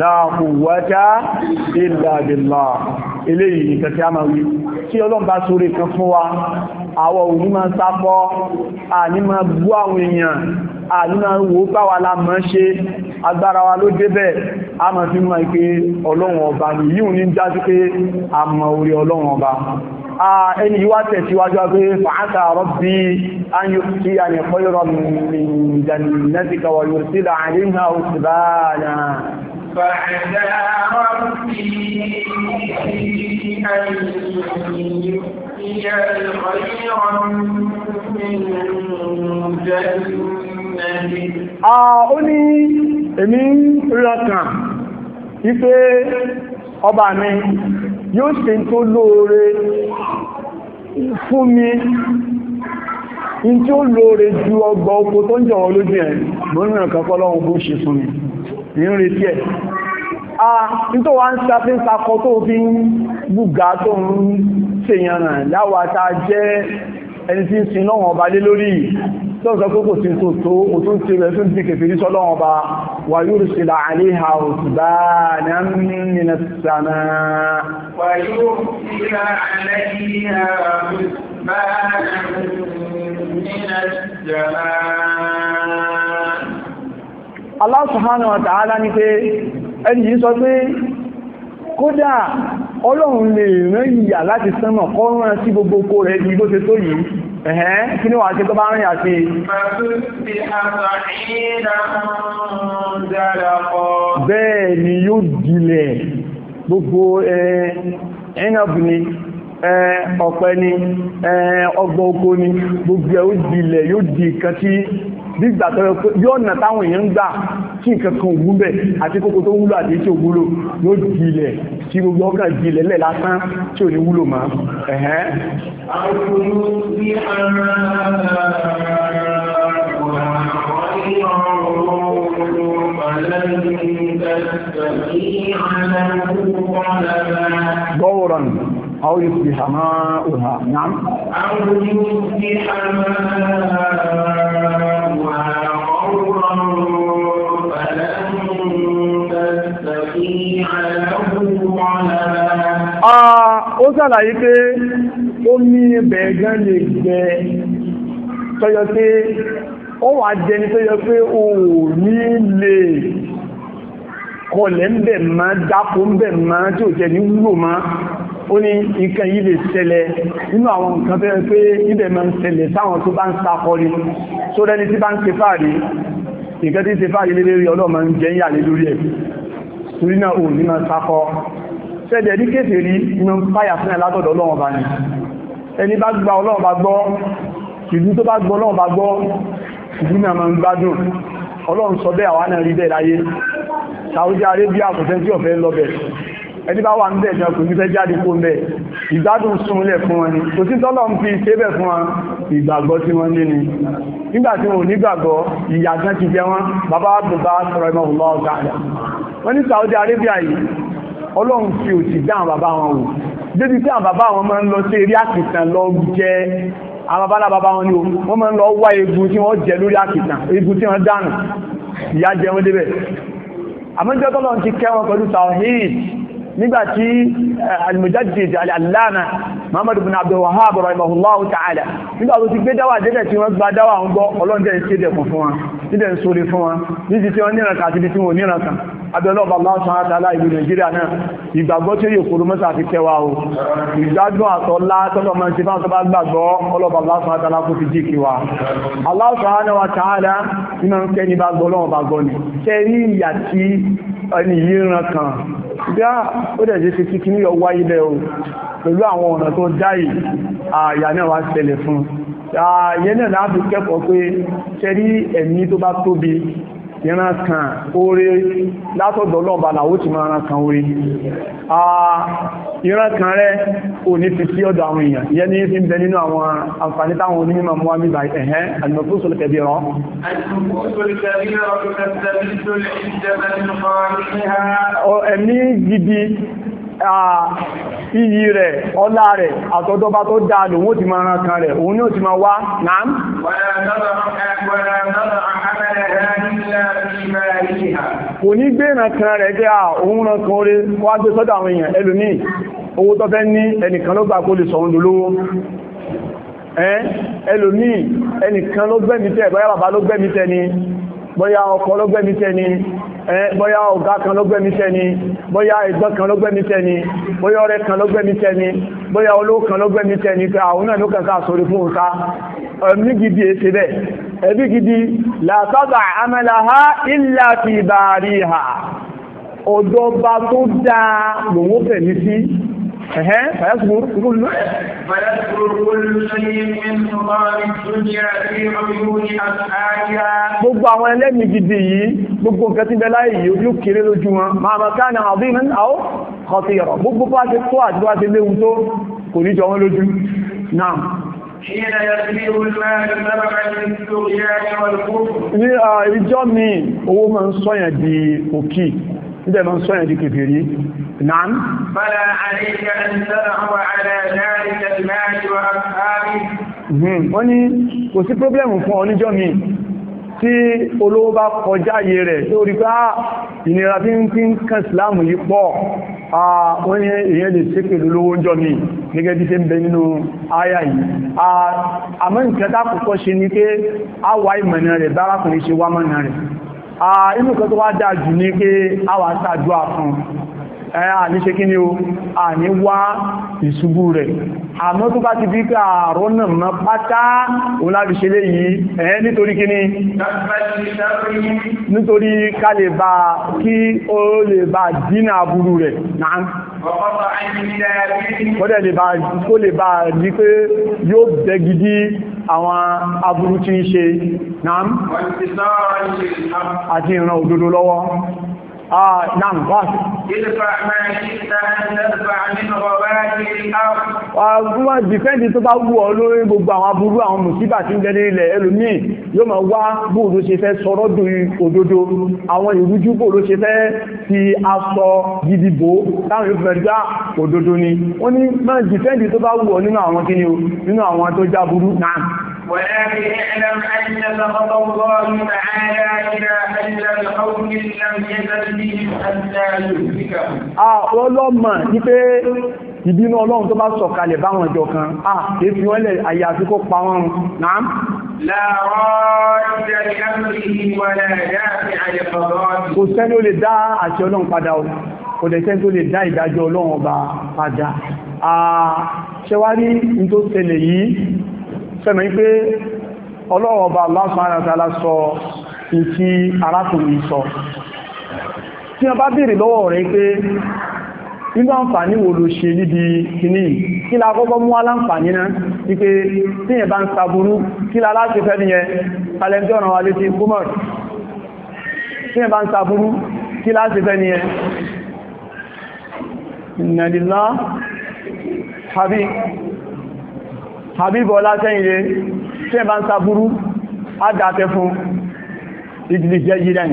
la quwwata illa billah eléyìí nìkan tí a máa wí tí ọlọ́mbà sórí kan fún wa àwọ̀ òní máa sápọ́ àyínà wo báwa la mọ́ ṣe agbára wa ló débẹ̀ a mọ̀ sínú ìpé ọlọ́run ọba ni yíò ní dájú pé a mọ̀ orí ọlọ́run ọba ẹni yíwá tẹ̀síwájú pé fa'asa rabbi an yu'tiyani khayran فعلى ربي أن يؤتي الخير من جنته ó ní èmi rọ̀kàn wípé ọba mi yóò ṣe tó lóore fún mi in tí ó lóore ju ọgbà oko tó ń jọ wọ́n ẹ̀ mọ́rin ọ̀kan fọ́lọ́wọ́n bó ṣe fún mi ní ń retí ẹ̀ ah ní tó wá ń sáfí ń sakọ tó fi ń búgá tó ń ṣèyànà láwàtà jẹ́ ẹni tí ń sin lọ́wọ́n ọba lé lórí tó ń sọ pé kò sí tó tó o tó ń ṣe rẹ̀ tó ń ti kèfèrí sọ lọ́wọ́n ọba wà yóò rí sílá àléhà òtù bá ní àmìnà sàmà wà yóò sílá àléhà Allah subhanahu wa ta'ala ní pé ẹni yìí sọ pé kódà ọlọ́run lè rán ìyà láti sánmọ̀ kọ́ rán sí gbogbo kó rẹ̀ ní bó tó yìí ẹ̀hẹ́n kí ní wà ṣe tó bá rìn àti bẹ́ẹ̀ ni yóò dìlẹ̀ gbogbo ẹ̀ẹ́nàbù ni ọ̀pẹ ni nígbà tọ́rọ pé yóò nà táwọn èèyàn ń gbà kí nǹkan kan òwú bẹ̀ àti kókó tó wúlò àti tí ò wúlò ló jìlẹ̀ tí gbogbo ọkàn jìlẹ̀ lẹ̀ lásán tí ò ní wúlò mọ́ ẹ̀hẹ́n أو يصبح ماؤها نعم أو يصبح ماؤها غورا فلن تستطيع له طلبا ó ṣàlàyé pé omi ibẹ̀ gan lè gbẹ tọ́jọ́ pé ó wà jẹni tọ́jọ́ pé o ní lè kọlẹ̀ ń bẹ̀ máa dákò ń bẹ̀ máa tí ò jẹ ní wúlò máa ó ní nǹkan yìí lè ṣẹlẹ̀ nínú àwọn nǹkan bẹ́ẹ̀ pé ibẹ̀ máa ń ṣẹlẹ̀ sáwọn tó bá ń sakọ ni tó rẹni tí bá ń ṣe fáàrí nǹkan tí ṣe fáàrí lélẹ́rí ọlọ́mọ ń jẹ́ yà lé lórí ẹ̀ torí náà ò ní máa sakọ ṣẹlẹ̀ ní kéfè rí inú fáyà fún ẹ látọ̀dọ̀ ọlọ́run bá ní ẹni bá gba ọlọ́run bá gbọ́ ìlú tó bá gbọ́ ọlọ́run bá gbọ́ ìlú náà máa ń gbádùn ọlọ́run sọ bẹ́ẹ̀ àwa náà rí bẹ́ẹ̀ láyé Saudi Arabia ẹni bá wà ń bẹ̀ jọ kò ní fẹ́ jáde kó mẹ́ ìgbádùn súnmúlẹ̀ fún wọn ni kò sí tọ́lọ̀ ń fi ṣébẹ̀ fún wọn ìgbàgbọ́ tí wọ́n ní ni nígbà tí wọn ò nígbàgbọ́ ìyà kan ti jẹ wọn bàbá bàbá sọ̀rọ̀ ẹmọ ọ̀lọ́ ọ̀gá wọn ní Saudi Arabia yìí Ọlọ́run fi òsì dá àwọn bàbá wọn wò débi tí àwọn bàbá wọn máa ń lọ sí eré àkìtàn lọ jẹ àwọn bàbá bàbá wọn ni wọ́n máa ń lọ wá egun tí wọ́n àmọ́jọ́ tọ́lọ́run ti kẹ́ wọn pẹ̀lú tawhid nígbàtí eh, al-mujaddid al-allama muhammad ibn abdul wahhab rahimahullahu ta'ala nígbàtí ti gbé dáwà dédẹ̀ tí wọ́n gba dáwà ń gbọ́ ọlọ́dẹ̀ ìṣẹ́dẹ̀ fún wọn dídẹ̀ ń sóre fún wọn níbi tí wọ́n níranka àti ibi tí wọ́n níranka abẹ́lọ́bà lásán àtàlá ìlú nàìjíríà náà ìgbàgbọ́ tí ó yẹ kòrò mọ́sà ti kẹwa o ìgbádùn àtọ́lá tọ́lọ́mọ́ ẹni yìí ran kan bí á ó dẹ̀ ṣe fi kí ní ọwá ilẹ̀ o pẹ̀lú àwọn ọ̀nà tó dáì àyà náà wá ṣẹlẹ̀ fún ààyẹ náà láti kẹ́kọ̀ọ́ pé ṣẹ́rí ẹ̀mí tó bá tóbi ìran kan oore látọ̀dọ̀ lọ́ọ̀bá làwó ti máa ran kan oore ìran kan rẹ̀ O ní fi sí ọ̀dọ̀ àwọn èèyàn yẹ́ ní fi ń bẹ nínú àwọn àǹfààní táwọn onímọ̀ muhammed ẹ̀hẹ́ al-nufusul kabira ẹ̀mí gidi iyì rẹ̀ ọlá rẹ̀ àtọ́dọ́bá tó dáa lòun ó ti máa ran kan rẹ̀ òun ní ó ti máa wá náàm kò ní gbé ran kan rẹ̀ jẹ́ à òun ran kan orí wá gbé sọ́dọ̀ àwọn èèyàn ẹlòmíì owó tó fẹ́ ní ẹnìkan ló gbà kó lè sọ̀run lólówó ẹlòmíì bóyá ọkọ̀ ló gbẹ́mi tẹ́ni bóyá ọ̀gá kan ló gbẹ́mi tẹ́ni bóyá ẹ̀gbọ́n kan ló gbẹ́mi tẹ́ni bóyá ọ̀rẹ́ kan ló gbẹ́mi tẹ́ni bóyá olówó kan ló gbẹ́mi tẹ́ni pé àwọn náà ló kàkà sórí fún òta ẹ̀mí gidi èsì bẹ́ẹ̀ ẹ̀bí gidi làtọ́gbà amẹ́láha ìlà fi bàárí ha ọ̀dọ́ba tó dáa lòun fẹ̀mí sí فها فيصبر يقول له فيصبر كل شيء من ثمار الدنيا في عيون اصحابها بقى وانا لم يجدي بقى كتب لا يذكر الجمعه ما كان عظيما او خطيرا بقى بعد الصلاه بعد اللي هو تو كل جمعه نعم حين يسير المال تبعا للطغيان والكفر. اه يجمي هو من صيد اوكي. níbẹ̀ mọ́ sọ ẹ̀dì kèfèrí náà fàlá àríkà ìsára àrẹ dáríkà ìmáàjì wa ààrí wọ́n hmm. ní kò sí pọ́blẹ̀mù fún oníjọ́ mi tí olówó bá kọjá ayé rẹ̀ tó rí pé ah, ìnira tí ń kí ń kàn síláàmù yìí pọ̀ wọ́n ah, ní èyàn lè ṣe pẹ̀lú olówó ń jọ mi gẹ́gẹ́ bí ṣe ń bẹ nínú àyà yìí ah, àmọ́ nǹkan tá kọ́kọ́ ṣe ni pé a wá ìmọ̀nà rẹ̀ bárakùnrin ṣe wá mọ́nà rẹ̀ Ah, inú kan tó wá dájú ní pé a wà sàdúwà fún ẹ̀yà ní ṣe kí ni o a ní wá ìṣubú rẹ̀ àmọ́ tó bá ti bí ká àrọ́ náà mọ́ pátá òun láti ṣe lé yìí ẹ̀yẹ́ nítorí kí ni nítorí ká lè bá kí ó lè bá dínà kọ́dẹ̀ lè bá kó lè bá di pé yóò bẹ́gidí àwọn aburú tí ń ṣe náà àti ìran òdodo lọ́wọ́ آه نعم قال ادفع ما شئت تدفع من غبائل الارض àwọn dìfẹ́ǹdì tó bá wù ọ lórí gbogbo àwọn aburú àwọn mùsíbà tí ń gẹ́ nílẹ̀ ẹlòmíì yóò máa wá bóòdó ṣe fẹ́ sọ̀rọ̀ dùn òdodo àwọn ìrújú bóòdó ṣe fẹ́ fi aṣọ gidigbo láwọn ìfẹ́gbá ah, òdodo ni wọ́n ní máa dìfẹ́ǹdì tó bá wù ọ nínú àwọn kíni nínú àwọn tó jáburú náà ولكن اعلم أن سخط الله تعالى إلى أهل القوم لم يزل بهم حتى يهلكهم. آه والله ما ìbínú ọlọ́run tó bá sọ̀kalẹ̀ báwọn ìjọ kan ah èfi wọ́n lẹ̀ àyà àti kó pa wọn náà láàrọ̀ ìjẹ́ ìlànà ìwọ̀n ẹ̀dá àti àyẹ̀fọ̀rọ̀ kò sẹ́ni ó lè dá àṣẹ ọlọ́run padà o kò dẹ̀ sẹ́ni tó lè sẹ́mọ̀ wípé ọlọ́wọ́ bá Allah subhanahu wa ta'ala sọ ìtí arákùnrin sọ tí wọ́n bá bèèrè lọ́wọ́ rẹ̀ pé nígbà àǹfààní wo ló ṣe níbi kìíní kí la kọ́kọ́ mú aláǹfààní náà wípé tí yẹn bá ń sàbúrú kí la láti fẹ́ nìyẹn alẹ́ndí ọ̀nà wa létí gómọ̀ tí yẹn bá ń sàbúrú kí láti fẹ́ Habib Ọlátẹ́yìnlé tí ẹ bá ń sàbúrú ádáfẹ́ fún ìdìlì jẹ́ jìrẹ́n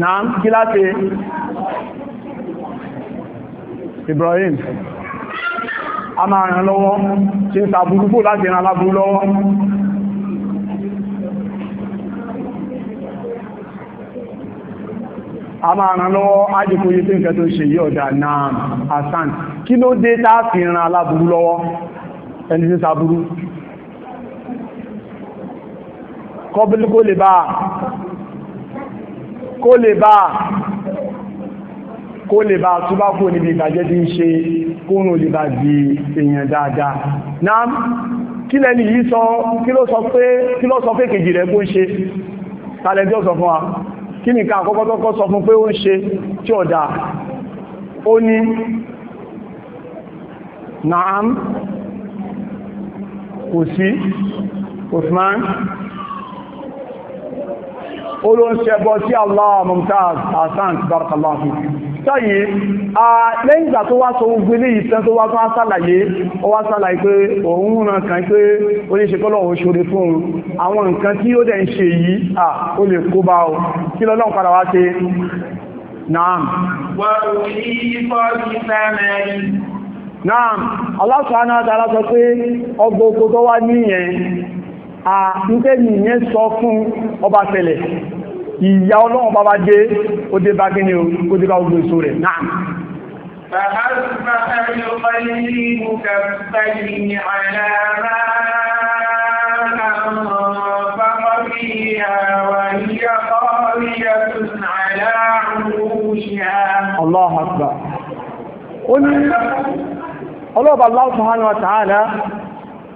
náà kí láti Ibrahim a máa ràn lọ́wọ́ tí ń sàbúrú kó láti ràn aláburú lọ́wọ́ a máa ràn lọ́wọ́ ájẹ́kóyé tí ń kẹ́ ṣe yí ọ̀dà náà àsán kí ló dé tá ẹni tí sàbúrú kọbílì kó lè bá kó lè bá kó lè bá túbá kó níbi ìbàjẹ́ tí ń ṣe kóòrùn lè bá di èèyàn dáadáa náà kí lẹ́ni yìí sọ kí ló sọ pé kejì rẹ̀ kó ń ṣe tàlẹ́jọ́ sọ fún wa kí ni ká àkọ́kọ́ sọ fún pé ó ń ṣe tí ó ó ní kò sí Usman olóńṣẹ́bọ́ sí Allah Mumtaz Hassan barakallahu fiki sọ́yí lẹ́yìn ìgbà tó wá sọ ogun ilé ìtẹ́ tó wá tó wá sàlàyé ó wá sàlàyé pé òun ràn kan pé ó lè ṣe kọ́lọ̀ òṣòrè fún un àwọn nǹkan tí ó dẹ̀ ń ṣe yìí à ó lè kó bá ọ kí lọ́lọ́ naam náà aláṣàánà tààrà sọ pé ọgbà oko tó wá níyẹn à ń tẹ́ nìyẹn sọ fún ọba tẹ̀lẹ̀ ìyá ọlọ́run bá bá dé ó dé bá gíní ó dé bá gbogbo èso rẹ̀ náà فأصبح يقلب كفيه ọlọ́ọ̀bà Allah subhanahu wa ta'ala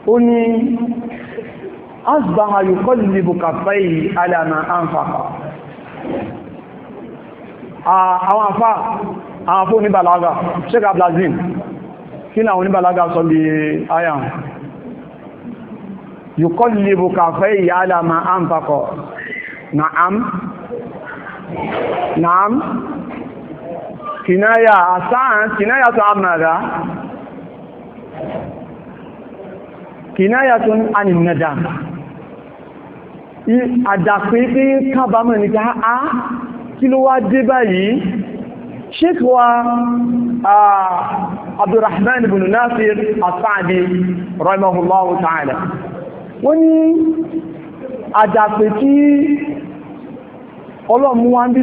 ó ní asbaha yuqallibu kaffayhi ala ma anfaqa àwọn àfá àwọn fún oníbàlága sheik abdulazim kí náà oníbàlága sọ bí ayà yuqallibu kaffayhi ala ma anfaqa na'am na'am kinaya asan kinaya ta'amada kìnáyàtún anìnàdà àdàpé pé kábàámọ̀ ní ká á kí ló wá dé báyìí sheikh wa abdurrahman ibn nasir asadi rahimahullahu wọ́n àdàpé tí ọlọ́mú wá ń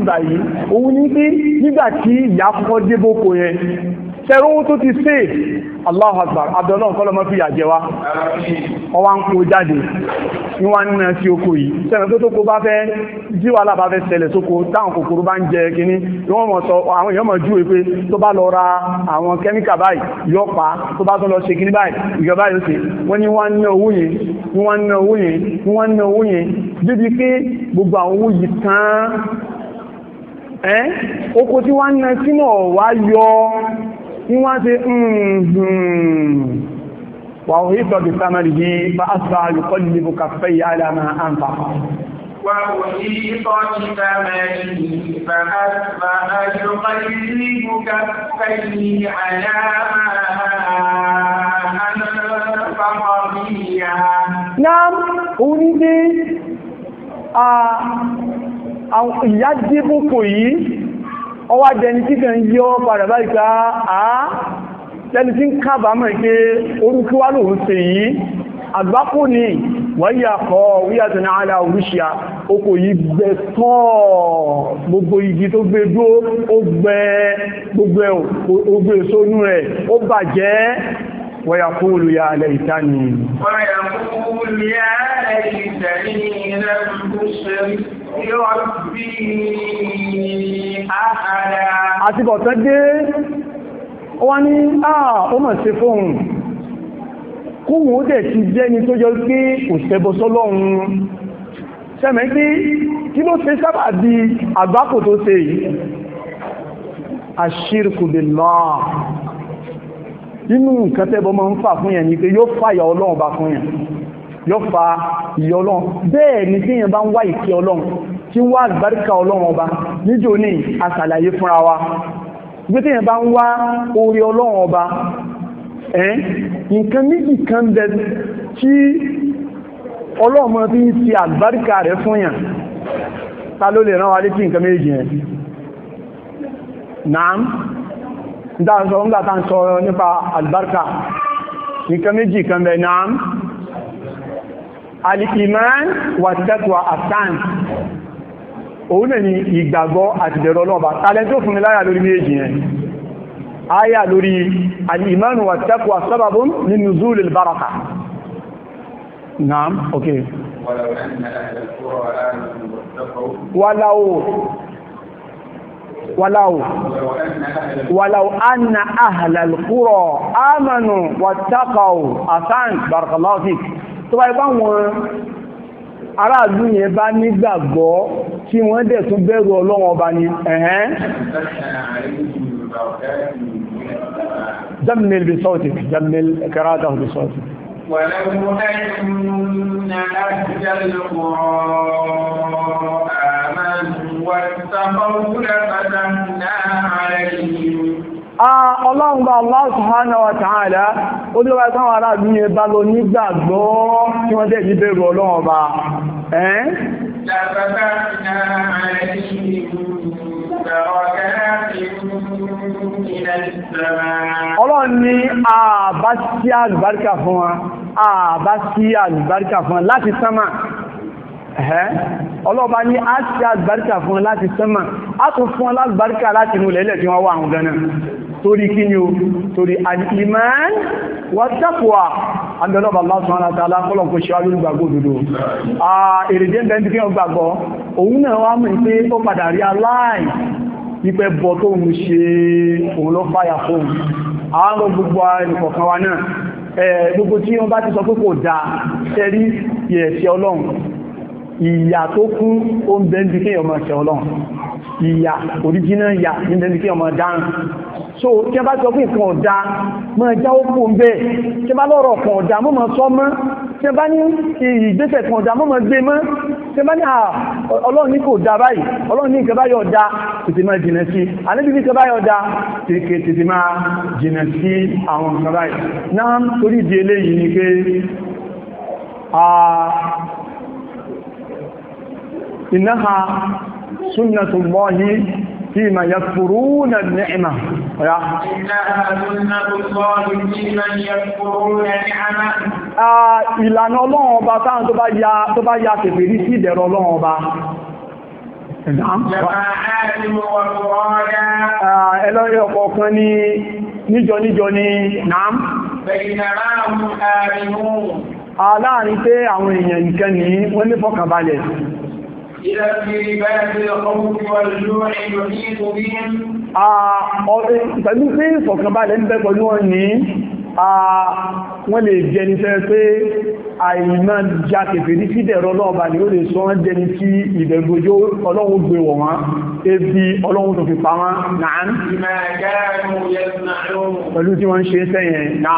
òun ní pé nígbàtí yẹn tẹ̀rún tó ti sí Allahu Akbar àbẹ̀lọ́ ọ̀kọ́lọ́mọ́ fi yà jẹ wá ọwá ń kó jáde ní wá nínú sí oko yìí tẹ́rẹ̀ tó tó kó bá fẹ́ jíwà alábá fẹ́ ṣẹlẹ̀ sóko táwọn kòkòrò bá ń jẹ kíní àwọn èèyàn mọ̀ jú pé tó bá lọ ra àwọn kẹ́míkà báyìí yọ pa tó bá tó lọ ṣe kíní báyìí ìjọba yóò ṣe wọ́n ní wọ́n ná owó yẹn ní wọ́n ná owó yẹn ní wọ́n ná owó yẹn débi pé gbogbo àwọn owó yìí tán oko tí wọ́n ná sínú ọ̀wá yọ tí wọ́n ti hmm, hmm, hmm, wà ó hìtọ̀ bí sámàrì bí bá asbà alùkọ́ nìbò kàfẹ́ yà lámà àǹfà وأحيط بثمره فأصبح يقلب كفيه على ما أنفق فيها نعم أريد ọwá jẹni tí kàn yí ọwọ́ padà báyìí ká àá lẹ́ni tí ń kábàámọ̀ pé orúkú wá lòun ṣe yìí àgbákò ní wáyà kọ́ wíyàtọ̀ ní àlà yìí gbẹ tán gbogbo igi tó gbé dúó ó gbẹ gbogbo èso inú rẹ̀ ó àti bọ̀tán dé wọ́n ní àà ah, ó mọ̀ sí fóun kúhùn ó dẹ̀ ti jẹ́ ni tó jọ pé kò ṣẹbọ sọ́lọ́run ṣẹ́mẹ́ pé kí ló ṣe sábà di àgbákò tó ṣe yìí àṣírkù billah nínú nǹkan tẹ́bọ máa ń fà fún yẹn ni pé yóò fàyà ọlọ́run bá fún yẹn yóò fa ìyọ́ bẹ́ẹ̀ ni tí yẹn bá ń wá ìkẹ́ ọlọ́run tí wá àgbáríkà ọlọ́run ọba níjò ní àṣàlàyé fúnra wa bí tí yẹn bá ń wá orí ọlọ́run ọba ẹ́ nǹkan méjì kan bẹ tí ọlọ́run fi ń fi àgbáríkà rẹ̀ fún yàn ta ló lè rán wa létí nǹkan méjì yẹn naam dáa sọ nípa àlùbáríkà nǹkan méjì kan bẹ naam alìkìmán wà tẹ́tùwà àtàn òun náà ni ìgbàgbọ́ àti ìbẹ̀rù ọlọ́ọ̀bá tààlẹ́ tó fún mi láyà lórí méjì yẹn áyà lórí alìmánu wà tẹ́kùwà sababun min nuzulil baraka naam ok wàláwò wàláwò wàláwò anna ahlal qura amanu wà tẹ́kùwà àtàn barakallahu fik tó bá ipá wọn aráàlú yẹn bá nígbàgbọ́ tí wọ́n dẹ̀ tún bẹ̀rù ọlọ́wọ́n ọba ni ẹ̀hẹ́n جمل بصوتك جمل قراءته بصوتك ولو أن أهل القرى ọlọ́run bá Allah subhanahu wa ta'ala ó ló ará ní lọ nígbàgbọ́ tí wọ́n dẹ̀ níbẹ̀rù ọlọ́run bá ẹ́n ọlọ́run ní àbá àlùbáríkà fún wa àlùbáríkà fún wa láti sánmà ẹ̀hẹ́ ọlọ́ọ̀bá ní a ṣe àgbàríkà fún láti sánmà a tó fún alágbàríkà láti inú lẹ́lẹ̀ tí wọ́n wà àwọn ganan torí kí ni o torí al-iman wa taqwa àbẹ̀lọ́bà Allah subhanahu wa ta'ala kọ́lọ̀ kò ṣe wá lórí gbàgbọ́ òdodo èrèdé ń bẹ́ bí kí wọ́n gbàgbọ́ òun náà wá mú pé ó padà rí aláì ipẹ́ bọ́ tó ń ṣe òun lọ fáyà fún àárọ̀ gbogbo ẹnìkọ̀ọ̀kan wa náà gbogbo tí wọ́n bá ti sọ pé kò dáa tẹ́rí ìrẹ̀sì ọlọ́run ìyà tó kún ó ń bẹ́ndì kí ọmọ ṣe ọlọ́run ìyà original ìyà ní bẹ́ndì kí ọmọ dáhùn so tí a bá sọ pé nǹkan ọ̀dá mọ́ ẹjá ó kún bẹ́ẹ̀ tí a bá lọ́rọ̀ kan ọ̀dá mọ́ mọ́ sọ mọ́ tí a bá ní ìgbésẹ̀ kan ọ̀dá mọ́ mọ́ gbé mọ́ tí a bá ní ọlọ́run ní kò dá báyìí ọlọ́run ní ìkẹbá yọ dá tètè máa jìnà sí àníbi ní ìkẹbá yọ dá tètè máa jìnà sí àwọn ìkẹbá yìí náà torí ìdí eléyìí ni pé إنها سنة الله فيما يكفرون النعمة يا إنها سنة الله فيما يكفرون النعمة ìlànà ọlọ́run ọba táwọn tó bá ya tó bá ya tèfè rí sí ìdẹ̀rọ ọlọ́run ọba ẹlọ́rẹ́ ọ̀pọ̀ kan ní níjọ níjọ ní náàm láàrin pé àwọn èèyàn nìkan ní wọ́n ní fọkànbalẹ̀ إذا في رباط الخوف والجوع يحيط بهم ọdún pẹ̀lú pé ìfọ̀kànbalẹ̀ ń bẹ pẹ̀lú wọn wọ́n lè jẹni fẹ́ pé àìmọ́ já kèfè ní fídẹ̀rọ ọlọ́ọ̀bà ni ó lè sọ wọ́n jẹni tí ìbẹ̀gbòjó ọlọ́run gbé wọ̀ wọ́n ebi ọlọ́run tó fi pa wọ́n náà pẹ̀lú tí wọ́n ṣe sẹ́yẹn náà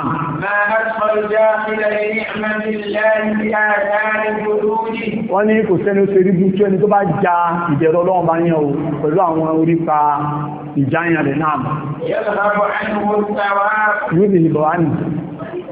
wọ́n ní kò sẹ́ni ó ṣe rí búkú ẹni tó bá já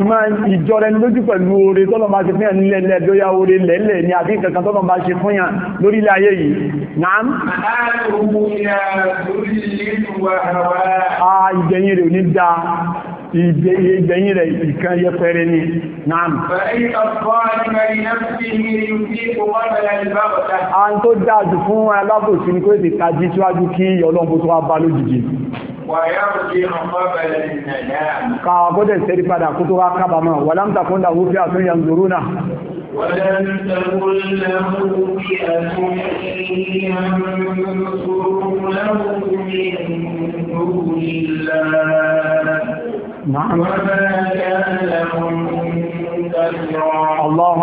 ìmá ìjọra ẹni lójú pẹ̀lú oore tọ́lọ máa ṣe fún ẹni lẹ́lẹ́ lóyá oore lẹ́lẹ́ ni àbí ìkẹ̀kan tọ́lọ máa ṣe fún yàn lórílẹ̀ ayé yìí náà ìgbẹ̀yìn rẹ̀ ò ní dáa ìgbẹ̀yìn rẹ̀ ìkan yẹpẹrẹ ni náà. a ń tó dájú fún alábòsí ní kó èdè tají síwájú kí ọlọ́gbò tó wá bá lójijì kàwà gbọ́dẹ̀ sẹ́rí padà kó tó wá kábàmọ́ wà lámta fún ìdàwó fí àtún yàn zòrò náà wà lámta Allahu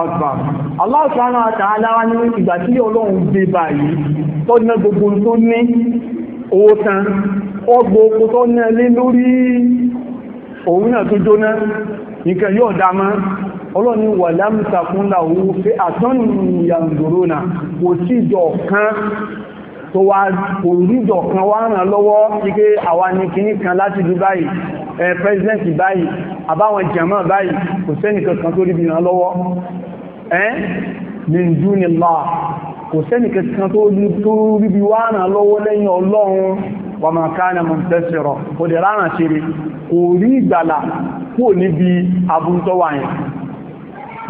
Akbar. Allah Subhanahu wa ta'ala ní ìgbà tí Ọlọ́run gbé báyìí tó ná gbogbo tó ní owó tán, ó gbogbo tó ná lé lórí òun náà tó jóná, nìkan yóò dámá. Ọlọ́run wà lámùsàkúnlà owó àtọ́nù ìyàndòrónà, kò sí ìjọ tó wá òrìjọ kan wá ràn lọ́wọ́ wípé àwa kan láti ìlú báyìí ẹ pẹ́sidẹ́ntì báyìí àbáwọn jàmá báyìí kò sẹ́nì kankan tó rí bìnà lọ́wọ́ ẹ́ min dunillah kò sẹ́nì tó rí bí wá ràn lọ́wọ́ lẹ́yìn ọlọ́run wa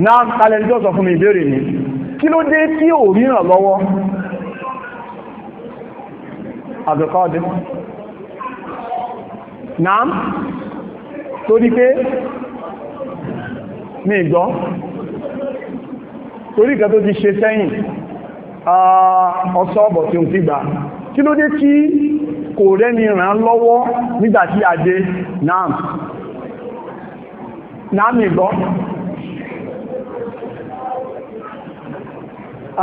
na ni Abdulkadir naam torí Na torí ti ṣe sẹ́yìn ọ̀sọ́ọ̀bọ̀ tí ó ti gbà kí kí kò rẹ́ni ràn lọ́wọ́ nígbàtí nam? naam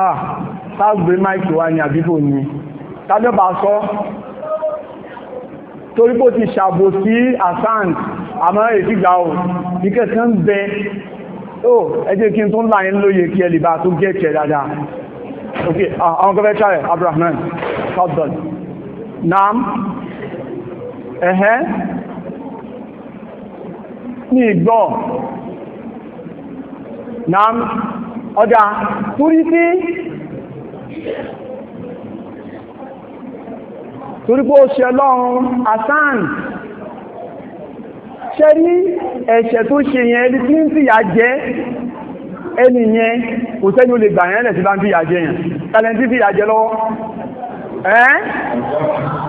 ah sáàgbé máìkì wá ní tàbíọ̀bà sọ torí pò ti ṣàbò sí assant àmọ́ èsì gbà ò níkẹ́ tí ń bẹ ó ẹjẹ́ kí n tún láyé lóye kí ẹlìbà tó gẹ́ kẹ dáadáa ok ah, àwọn kọfẹ́ ṣàrẹ̀ Abdulrahman southbourne naam ẹ̀hẹ́ ní ìgbọ́ Nam. ọjà torí sí torí bó ṣe lọ́run asan ṣe rí ẹ̀ṣẹ̀ tó ṣe yẹn ẹni tí ń fìyà jẹ ẹni yẹn kò sẹ́ni ó lè gbà yẹn lẹ̀sí bá ń fìyà jẹ yẹn tàlẹ́ntí fìyà jẹ lọ́wọ́ ẹ́n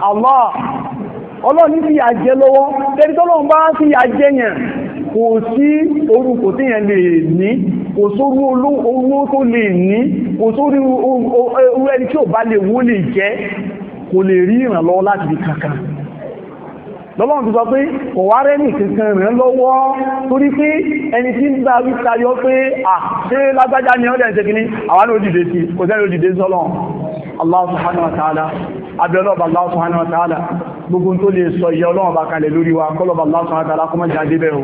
Allah ọlọ́ni fìyà jẹ lọ́wọ́ tẹ́rí tọ́lọ́run bá fìyà jẹ yẹn kò sí orú kò tí yẹn lè ní kò sórú olówó tó lè ní kò sórú ẹni tí ò bá lè wó lè jẹ́ kò lè rí ìrànlọ́wọ́ láti bí kankan lọ́lọ́run ti sọ pé kò wá rẹ́ ní kankan rẹ̀ lọ́wọ́ torí pé ẹni tí ń bá wí tayọ pé à ṣe lágbájá ni ọdẹ̀ ṣe kìíní àwọn olùdìdè sí kò sẹ́rẹ̀ olùdìdè sọ́lọ́run Allah subhanahu wa ta'ala gbogbo tó lè sọ ìyà ọlọ́run bá kalẹ̀ lórí wa kọlọ̀bà lásán àtàlá kọmọ̀ jà débẹ̀ o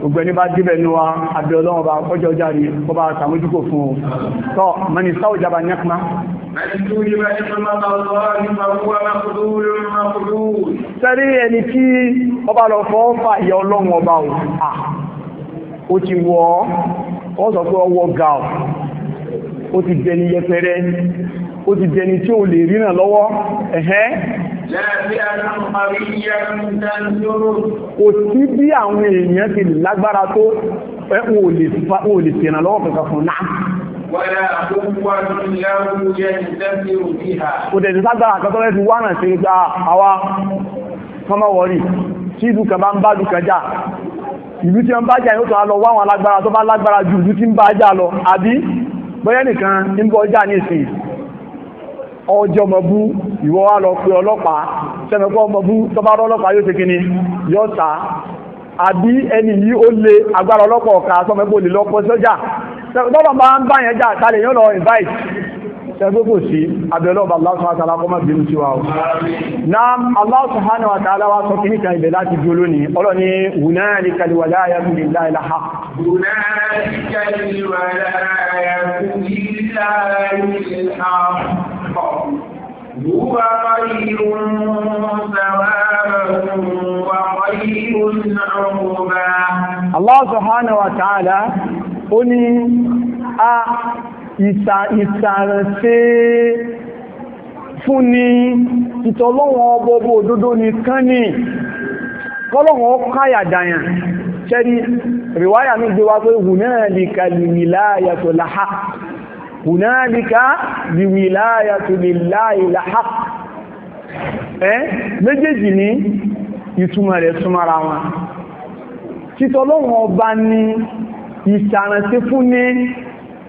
gbogbo ẹni bá débẹ̀ ní wa àbẹ̀ ọlọ́run bá kọjọ járe kọ bá sàmójúkò fún o tọ́ mani sáwò jaba nyakma sẹ́rí ẹni tí ọba lọ fọ́ fà ìyà ọlọ́run ọba o ó ti wọ́ ọ́ sọ pé ọwọ́ ga ó ti dẹni yẹpẹrẹ ó ti dẹni tí ó kò sí bí àwọn èèyàn ti lágbára tó ẹ̀kùn ò lè fi ìrànlọ́wọ́ kankan fún náà kò tẹ̀sí ságbára àkọ́tọ́ rẹ̀ fi wárán sí gba àwa kọmọwọ̀rí tí ìlú kan bá ń bá dùkà já ìlú tí wọ́n bá jà yóò tó lọ wáwọn alágbára tó bá lágbára jù ìlú tí ń bá jà lọ àbí bọ́yẹ́ ń bọ́ jà ní ìsìn ọjọ́ mọ̀bú ìwọ wá lọ pé ọlọ́pàá sẹ́mẹ̀kọ́ mọ̀bú tó bá yóò yóò ta àbí ẹni yìí ó lè agbára ọlọ́pàá ọ̀ka sọmẹ́gbò lè lọ́pọ̀ sọ́jà báyẹn ẹgbẹ́ kò sí abẹ́lọ́ ọba Allah subhanahu wa ta'ala kọ́mọ̀ bínú sí wa o. na Allah subhanahu wa ta'ala wa sọ kìí kan ibẹ̀ láti bí olóni ọlọ́ ni hunalika al-walayatu lillahi al-haqq. hunalika Allah subhanahu wa ta'ala ó ní a ìsà ìsàrẹ̀ṣẹ́ fún ni ìtọ̀lọ́wọ̀n ọgbọ̀gbọ̀ òdodo nìkan ni kọ́lọ̀wọ̀n káyàdàyàn ṣẹ́rí ríwáyà ní gbé wá pé hùnáàlìkà lìwìláyàtò láhá hùnáàlìkà lìwìláyàtò lìláyì láhá ẹ́ méjèèjì ní ìtumọ̀ rẹ̀ súnmọ́ra wọn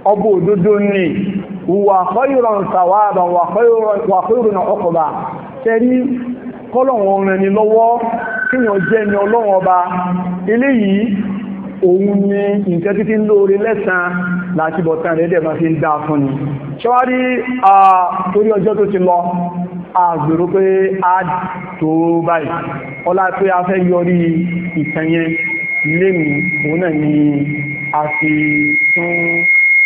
ọba òdodo ní wà kọ́ìrọ̀ sàwádà wà kọ́ìrọ̀ na ọkọba tẹ́rí kọ́lọ̀wọ̀n rẹ̀ ni kíyàn jẹ́ ni ọlọwọ ọba eléyìí òun ni nǹkan títí lóore lẹ́sàn láti fi ń fún ni ṣọ́wárí torí ọjọ́ tó ti lọ àgbèrò pé a tó báyìí ọlá pé a fẹ́ yọrí lẹ́mìí òun náà ni a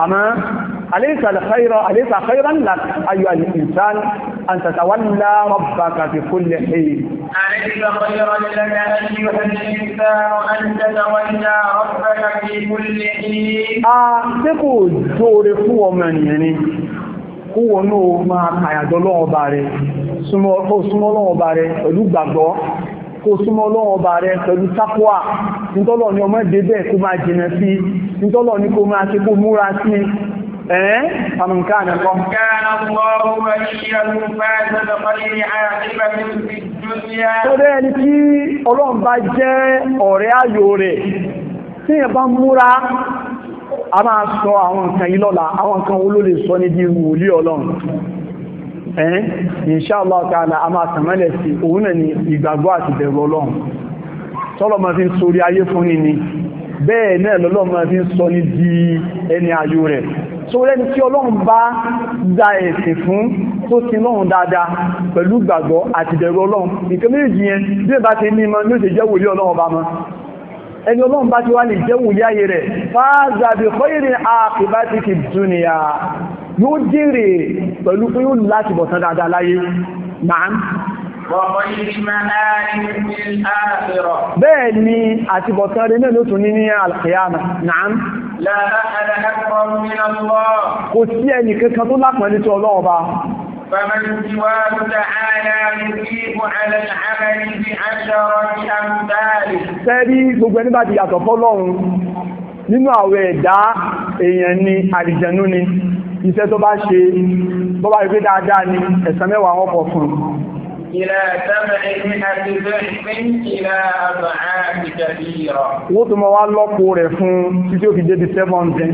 أما أليس الخير أليس خيرا لك أيها الإنسان أن تتولى ربك في كل حين أليس خيرا لك أيها الإنسان أن تتولى ربك في كل حين أعتقد دور قوة من يعني هو نوع ما kàyàjọ́ lọ́wọ́ bá rẹ̀ súnmọ́ lọ́wọ́ bá kó súnmọ́ ọlọ́run ọba rẹ pẹ̀lú tápọ́à nítọ́lọ̀ ni ọmọ èdè bẹ́ẹ̀ kó máa jìnà sí nítọ́lọ̀ ni kó máa ṣe kó múra sí ẹ̀ẹ́n pàmùkánà kan. Tọ́lẹ́ ẹni tí ọlọ́run bá jẹ́ ọ̀rẹ́ ayò rẹ̀ tí ẹ bá múra a máa sọ àwọn nǹkan yìí lọ́la àwọn nǹkan olólè sọ ní bí wòlí ọlọ́run ẹ́n eh? inshallah ta'ala a máa tàmẹ́lẹ̀ sí òun náà ni ìgbàgbọ́ àti bẹ̀rù ọlọ́run tọ́lọ́mọ fi ń sórí ayé fún ni ni bẹ́ẹ̀ náà lọ́lọ́mọ fi ń sọ ní di ẹni ayò rẹ̀ tó lẹ́ni tí ọlọ́run bá dá ẹ̀sìn fún tó ti lọ́run dáadáa pẹ̀lú gbàgbọ́ àti bẹ̀rù ọlọ́run ìkẹ́ méjì yẹn bí ẹ bá ti ní mọ́ ní ó ti jẹ́ wòlé ọlọ́run bá mọ́ ẹni ọlọ́run bá ti wá lè jẹ́ wòlé ayé rẹ̀ fáàzàbí kọ́ ìrìn àpìbá ti kì dúnìyà yóò jèrè pẹ̀lú pé yóò láti bọ̀ sán dáadáa láyé máa ń bẹ́ẹ̀ ni àti bọ̀tán rẹ̀ náà ló tún ní ní alkiyama náà kò sí ẹni kankan tó lápẹ̀ẹ́ nítorí ọlọ́ọ̀ba فمن سواه تعالى يجيب على العمل بعشرة أمثاله Sẹ́rí gbogbo ẹni bá ti yàtọ̀ fọ́lọ́run nínú àwọn ẹ̀dá èèyàn ni àlìjẹ̀nú ni iṣẹ́ tó bá ṣe bó bá rí dáadáa ni ẹ̀san mẹ́wàá wọn pọ̀ fún wọ́n tó mọ́ wá lọ́pọ̀ rẹ̀ fún títí ó fi débi 700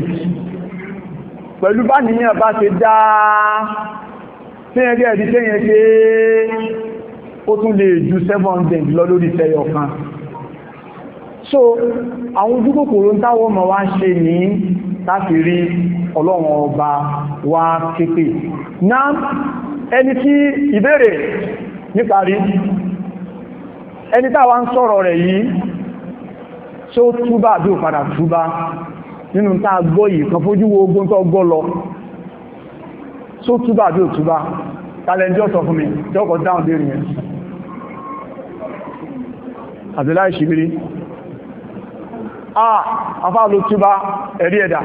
pẹ̀lú bá nìyàn bá ṣe dáa tí ẹ̀rí ẹ̀rí tẹ́yẹn pé ó tún lè ju 700 lọ lórí tẹ́yọ̀ kan so àwọn ojúkòkòrò táwọn ọmọ wá ń ṣe ní láti rí ọlọ́run ọba wá képe náà ẹni tí ìbéèrè níparí ẹni táwa ń sọ̀rọ̀ rẹ̀ yìí tí ó túbá àbí ò padà túbá nínú táa gbọ́ yìí kan fojú ogun tó gbọ́ lọ tí ó túbá ò túbá tàlẹ́jọ́ sọ fún mi jọ́kọ̀ dáhùn dé rìn àbíláì ṣìbírí ah afá ló túbá ẹ̀rí ẹ̀dà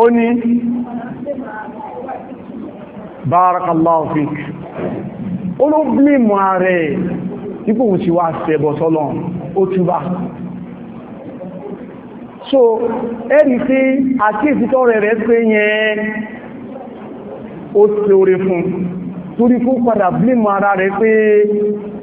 ó ní bárakallahu fik olóbìnmọ̀ ààrẹ ipò òun sì wá sẹ́bọ̀ sọ́lọ̀ ó túbá so ẹ̀rí sí àti ìfitọ́ rẹ̀ rẹ̀ pé yẹn ó ṣe oore fún torí fún padà blímọ̀ ara rẹ̀ pé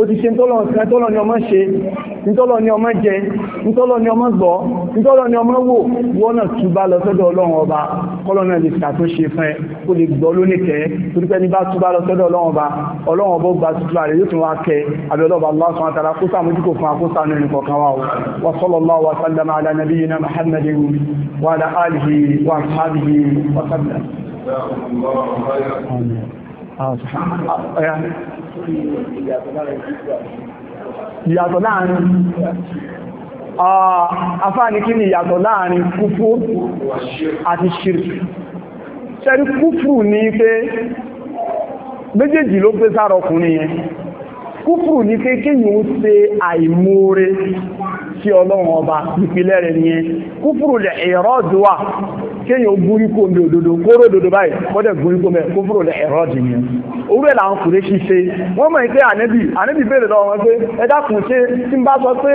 ó ti ṣe tọ́lọ̀ ni ọmọ ṣe nítọ́lọ̀ ni ọmọ jẹ nítọ́lọ̀ ni ọmọ gbọ́ nítọ́lọ̀ ni ọmọ wò wọ́nà túbá lọ sọ́dọ̀ ọlọ́run ọba kọ́lọ́nà lè ṣàtúnṣe fún ẹ kó lè gbọ́ lónìkẹ́ torípẹ́ ní bá túbá lọ sọ́dọ̀ ọlọ́run ọba ọlọ́run ọba ó gba ìyàtọ̀ láàrin afáàní kí ni ìyàtọ̀ láàrin kúfú àti ṣírkì ṣẹ́rí kúfù ní pé méjèèjì ló pé sára ọkùnrin yẹn kúfù ní pé kéyìn ó ṣe àìmóore sí ọlọ́run ọba ìpìlẹ̀ rẹ̀ yẹn kúfù lẹ̀ ẹ̀rọ́ kéèyàn gúrí kó mi òdodo kóró òdodo báyìí kọ́dẹ̀ gúrí kó mẹ́ kó fúrò ẹ̀rọ dì ní òwúrẹ̀ làwọn kò lè ṣiṣe wọ́n mọ̀ pé ànẹ́bì ànẹ́bì bèèrè lọ wọn pé ẹ dákun ṣe tí ń bá sọ pé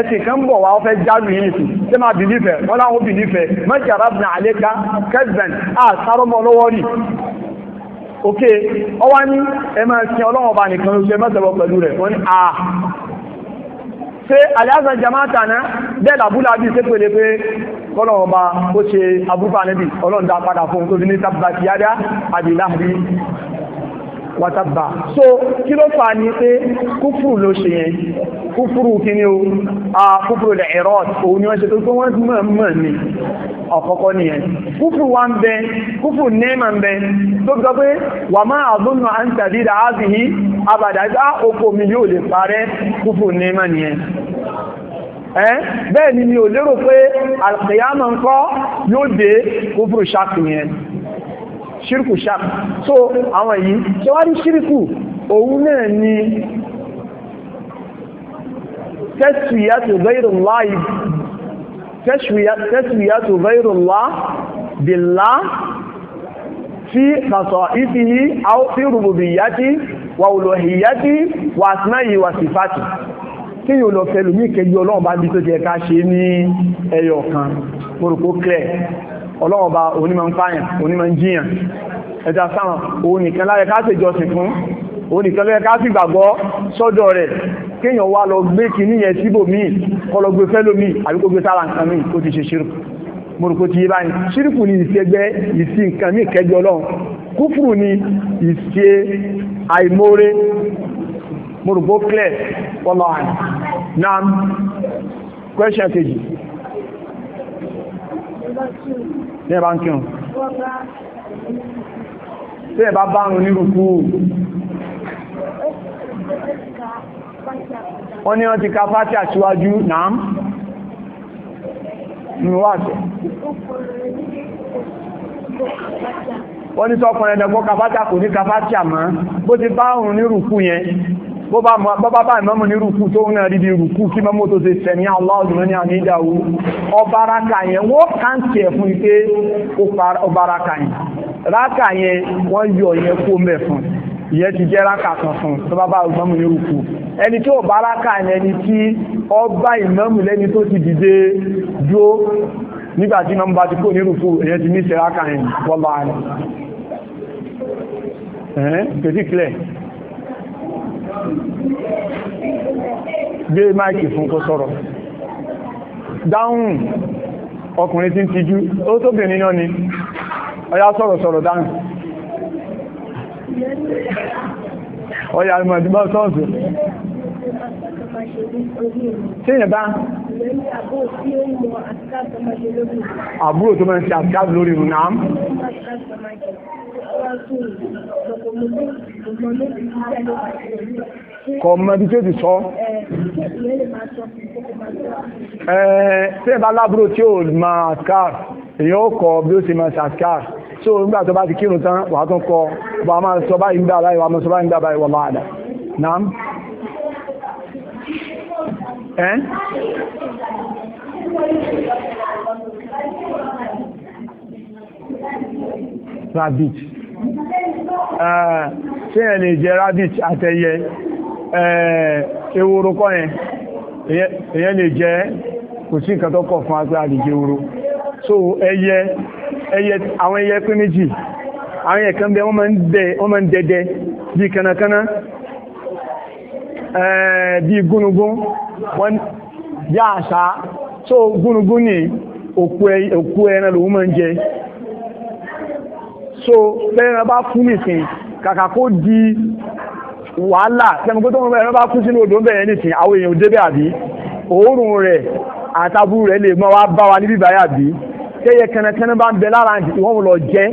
ẹsìn kan bọ̀ wá fẹ́ jáde yìí sí ṣé máa bì nífẹ̀ẹ́ wọ́n láwọn bì nífẹ̀ẹ́ mọ́jì arábìnrin àlékà kẹ́sìbẹ̀n àṣàrọ́mọ lọ́wọ́ rì òkè ọwá ní ẹ máa sin ọlọ́wọ́ bá nìkan ló ṣe mọ́sẹ̀bọ̀ pẹ̀lú rẹ̀ wọ́n ní à ah, pé aliasan jamata náà bẹ́ẹ̀ làbúlà bí ṣe pèlè pé kọ́lọ̀wọ̀n bá ó ṣe abúrúfà níbi ọlọ́ndà padà fún tó ní tàbí àbìláhàbí wàtàbà so kí ló fà ní pé kúfùrù ló ṣe yẹn kúfùrù kí ni o a kúfùrù lè ẹ̀rọ òun ni wọ́n ṣe tó tó wọ́n mọ̀ mọ̀ ní ọ̀kọ́kọ́ nìyẹn kúfùrù wá ń bẹ kúfùrù nẹ́ẹ̀mà ń bẹ tó gbọ́ pé wà máa àdúnnà à ń tàbí ìdá ábìyí abàdájá oko mi yóò lè parẹ́ kúfùrù nẹ́ẹ̀mà nìyẹn ẹ́ bẹ́ẹ̀ ni mi ò lérò pé alkiyama ń kọ́ yóò dé kúfùrù ṣákìyẹn ṣírkù ṣáp so àwọn èyí tí wọ́n rí ṣírkù òun náà ni tẹ́sùyàtò ghayrullah billah fi khasa'ifihi aw fi rububiyyatihi wa uluhiyyatihi wa asma'ihi wa sifatihi kí yóò lọ fẹ́lú ní ìkẹjú ọlọ́ọ̀bá bí tó jẹ ká ṣe ní ẹyọ kan orùkó clear ọlọ́wọ̀n bá onímọ̀ ń pààyàn onímọ̀ ń jíyàn ẹja sáwọn òun nìkan láyẹ ká sì jọsìn fún òun nìkan lẹ́yẹ ká sì gbàgbọ́ sọ́dọ̀ rẹ̀ kéèyàn wá lọ gbé kìíní yẹn síbò míì kọlọ gbé fẹ́lò míì àbí kó gbé sára nǹkan míì ó nam question kejì Thank you tí ẹ bá ń kírùn tí ẹ bá bá rùn nírùkú wọ́n ní wọ́n ti ka fátí àṣíwájú náà ní wà tẹ́ wọ́n ní sọ́kùnrin ẹ̀dẹ̀gbọ́ kafátí àkò ní kafátí àmọ́ bó ti bá rùn nírùkú yẹn bọ́bá bá ìmọ́mù ní rùkú tó ń rí bí rùkú kí mọ́mù tó ṣe tẹ̀mí aláàdùnmọ́ ní àmì ìdáwó ọbaraka yẹn wọ́n káńtì ẹ̀ fún ipé ọbaraka yẹn ráka yẹn wọ́n yọ yẹn kó mẹ́ fún ìyẹn ti jẹ́ ráka kan fún tó bá bá ìmọ́mù ní rùkú ẹni tí ọbaraka yẹn ni tí ọba ìmọ́mù lẹ́ni tó ti dìde dúó nígbàtí mọ́mù bá ti kó ní rùkú ìyẹn ti ní ṣe ráka yẹn wọ́n bá gbé máìkì fún kó sọ̀rọ̀ dáhùn ọkùnrin tí ń tijú ó tóbìnrin náà ni ọya sọ̀rọ̀ sọ̀rọ̀ dáhùn ọya ìmọ̀dúnbá sọ́ọ̀sù tí èyàn bá àbúrò tó mẹ́rin sí àkáàbù lórí ìrùn náà kọ̀ọ̀mọ́ ibi tí ó ti sọ tí ẹ bá lábúrò tí ó máa scar èyàn ó kọ bí ó sì máa sàscar so nígbà tó bá ti kírun tán wà tún kọ wà máa sọ báyìí ń gbà báyìí wà máa sọ báyìí ń báyìí wà máa dà náà ẹ́ rabbit ṣe ẹ̀ lè jẹ rabbit àtẹyẹ ewúro kọ́ yẹn èyẹ lè jẹ kò sí nǹkan tó kọ̀ fún agbá àdìjẹ so ẹyẹ àwọn ẹyẹ pín méjì àwọn ẹyẹ bẹ wọ́n máa ń dẹdẹ bí kanakana bí gúnugún so gúnugún ní òkú ẹran lòun ń jẹ so lẹ́yìn bá fún nìsín kàkà kó di wàhálà tẹ́mọ̀kó tó mọ̀ bá kú sínú odò ń bẹ̀rẹ̀ nìsín àwọn èèyàn débẹ̀ àbí òórùn rẹ̀ àtàbù rẹ̀ lè mọ́ wá bá wa níbí báyà bí tẹ́yẹ kẹnẹkẹnẹ bá ń bẹ lára ìwọ́n lọ jẹ́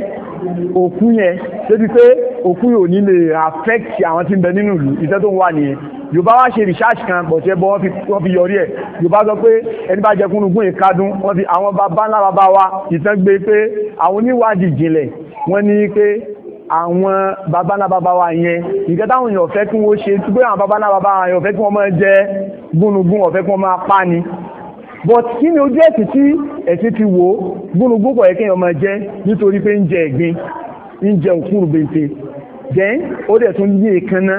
òkú yẹn débi pé òkú yóò ní lè affect àwọn tí ń bẹ nínú ìlú ìṣẹ́ tó ń wà nìyẹn yorùbá wá ṣe research kan bọ̀tẹ́ bọ́ wọ́n fi yọrí ẹ̀ yorùbá sọ pé ẹni bá jẹkúnnú gún ìkádùn wọ́n fi àwọn bàbá ńlá bàbá wa ìtàn gbé pé àwọn oníwádìí ìjìnlẹ̀ wọ́n ní pé àwọn bàbá ńlá bàbá wa yẹn nǹkan táwọn èèyàn fẹ́ kí wọ́n ṣe tí pé àwọn bàbá ńlá bàbá wa yẹn ọ̀fẹ́ kí wọ́n máa jẹ gúnugún ọ̀fẹ́ kí wọ́n máa pa ni but kí ni ojú ẹ̀sìn tí ẹ̀sìn ti wò gúnugún kò yẹ kéèyàn máa jẹ nítorí pé ń jẹ ẹ̀gbin ń jẹ òkúrù bèntè then ó dẹ̀ tún yí èékánná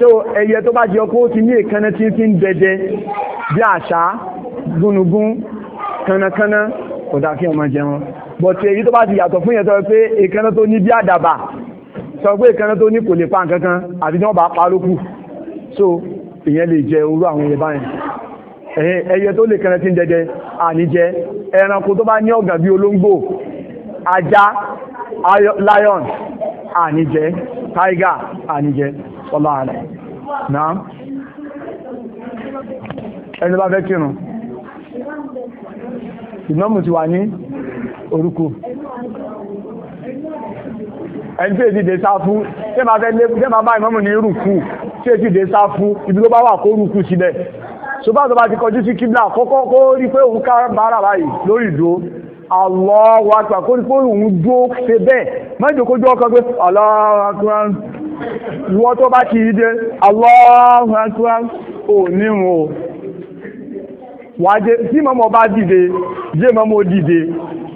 so ẹyẹ tó bá jẹ ọkọ́ ó ti ní ìkànnà tí fi ń dẹdẹ bí àṣá gúnugún kanakana kò dá kí ọmọ jẹun but èyí tó bá ti yàtọ̀ fún yẹn tó pé ìkànnà tó ní bí àdàbà sọ pé ìkànnà tó ní kò lè pa nǹkan kan àti tí bá pa lókù so ìyẹn lè jẹ orú àwọn ẹyẹ báyìí ẹyẹ tó lè kẹrẹ tí ń jẹjẹ àníjẹ ẹranko tó bá ní ọ̀gàn bí olóńgbò ajá lion àníjẹ tiger àníjẹ wallahu a'lam náà ẹni bá fẹ́ kírun ìmọ́mù ti wà ní orúkú ẹni tí èdè sáfú tí ma fẹ́ lébú tí ma bá ìmọ́mù ní rúkú tí èdè sáfú ibi ló bá wà kó rúkú síbẹ̀ ṣùgbọ́n tó bá ti kọjú sí kíblà kọ́kọ́ kó rí pé òun kára bára báyìí lórí ìdó àwọ̀ wàtà kó rí pé òun dó ṣe bẹ́ẹ̀ mẹ́jọ kójú ọkọ̀ pé ọlọ́run wọ́n tó bá ti dé Allahu Akbar ò níhun o wájé tí mọ́mọ́ bá dìde jẹ́ mọ́mọ́ dìde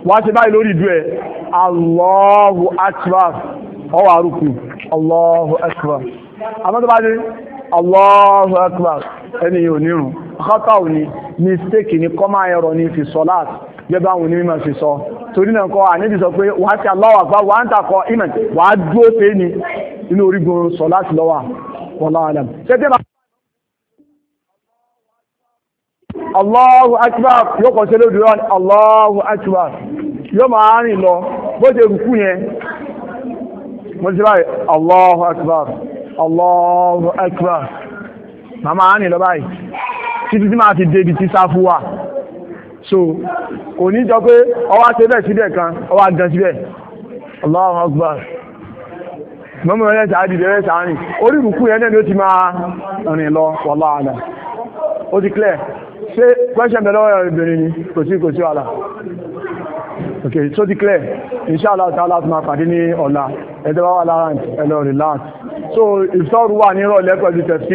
wá ṣe báyìí lórí ìdú ẹ̀ Allahu Akbar ọwà rúkú Allahu Akbar àmọ́ tó bá dé Allahu Akbar ẹni yóò nírun ọkọ́ta ò ní mistake ní fi gẹ́gbà àwọn onímọ̀ ṣe sọ torí náà kọ́ àníbi sọ pé wàá sí aláwà gbá wàá ń takọ ìmọ̀ á dúró pé ní inú orígun sọ láti lọ́wà wallahu alam Allahu akbar yóò kọ̀ sí lóòdù rán Allahu yóò máa rìn lọ bó ṣe rùkú yẹn mo ti lọ báyìí títí tí máa ti débi tí sáfúwà so kò ní jọ pé ọwá ṣe bẹ́ẹ̀ síbẹ̀ kan ọwá gan síbẹ̀ Allahu Akbar mọ́mọ́ rẹ̀ sàádì rẹ̀ sàárín orí ìrùkú yẹn náà ló ti máa rìn lọ wọ́lá àdá ó ti clear ṣe question bẹ̀rẹ̀ ọ̀rọ̀ ìbìnrin ni kò sí kò sí wàhálà ok so ti clear inshallah ta'ala ti máa pàdé ní ọ̀la ẹ̀dẹ́wà wà lára ẹ̀lọ́ relax so ìfọ́rù wà ní ìrọ̀lẹ́ pẹ̀lú tẹ̀sí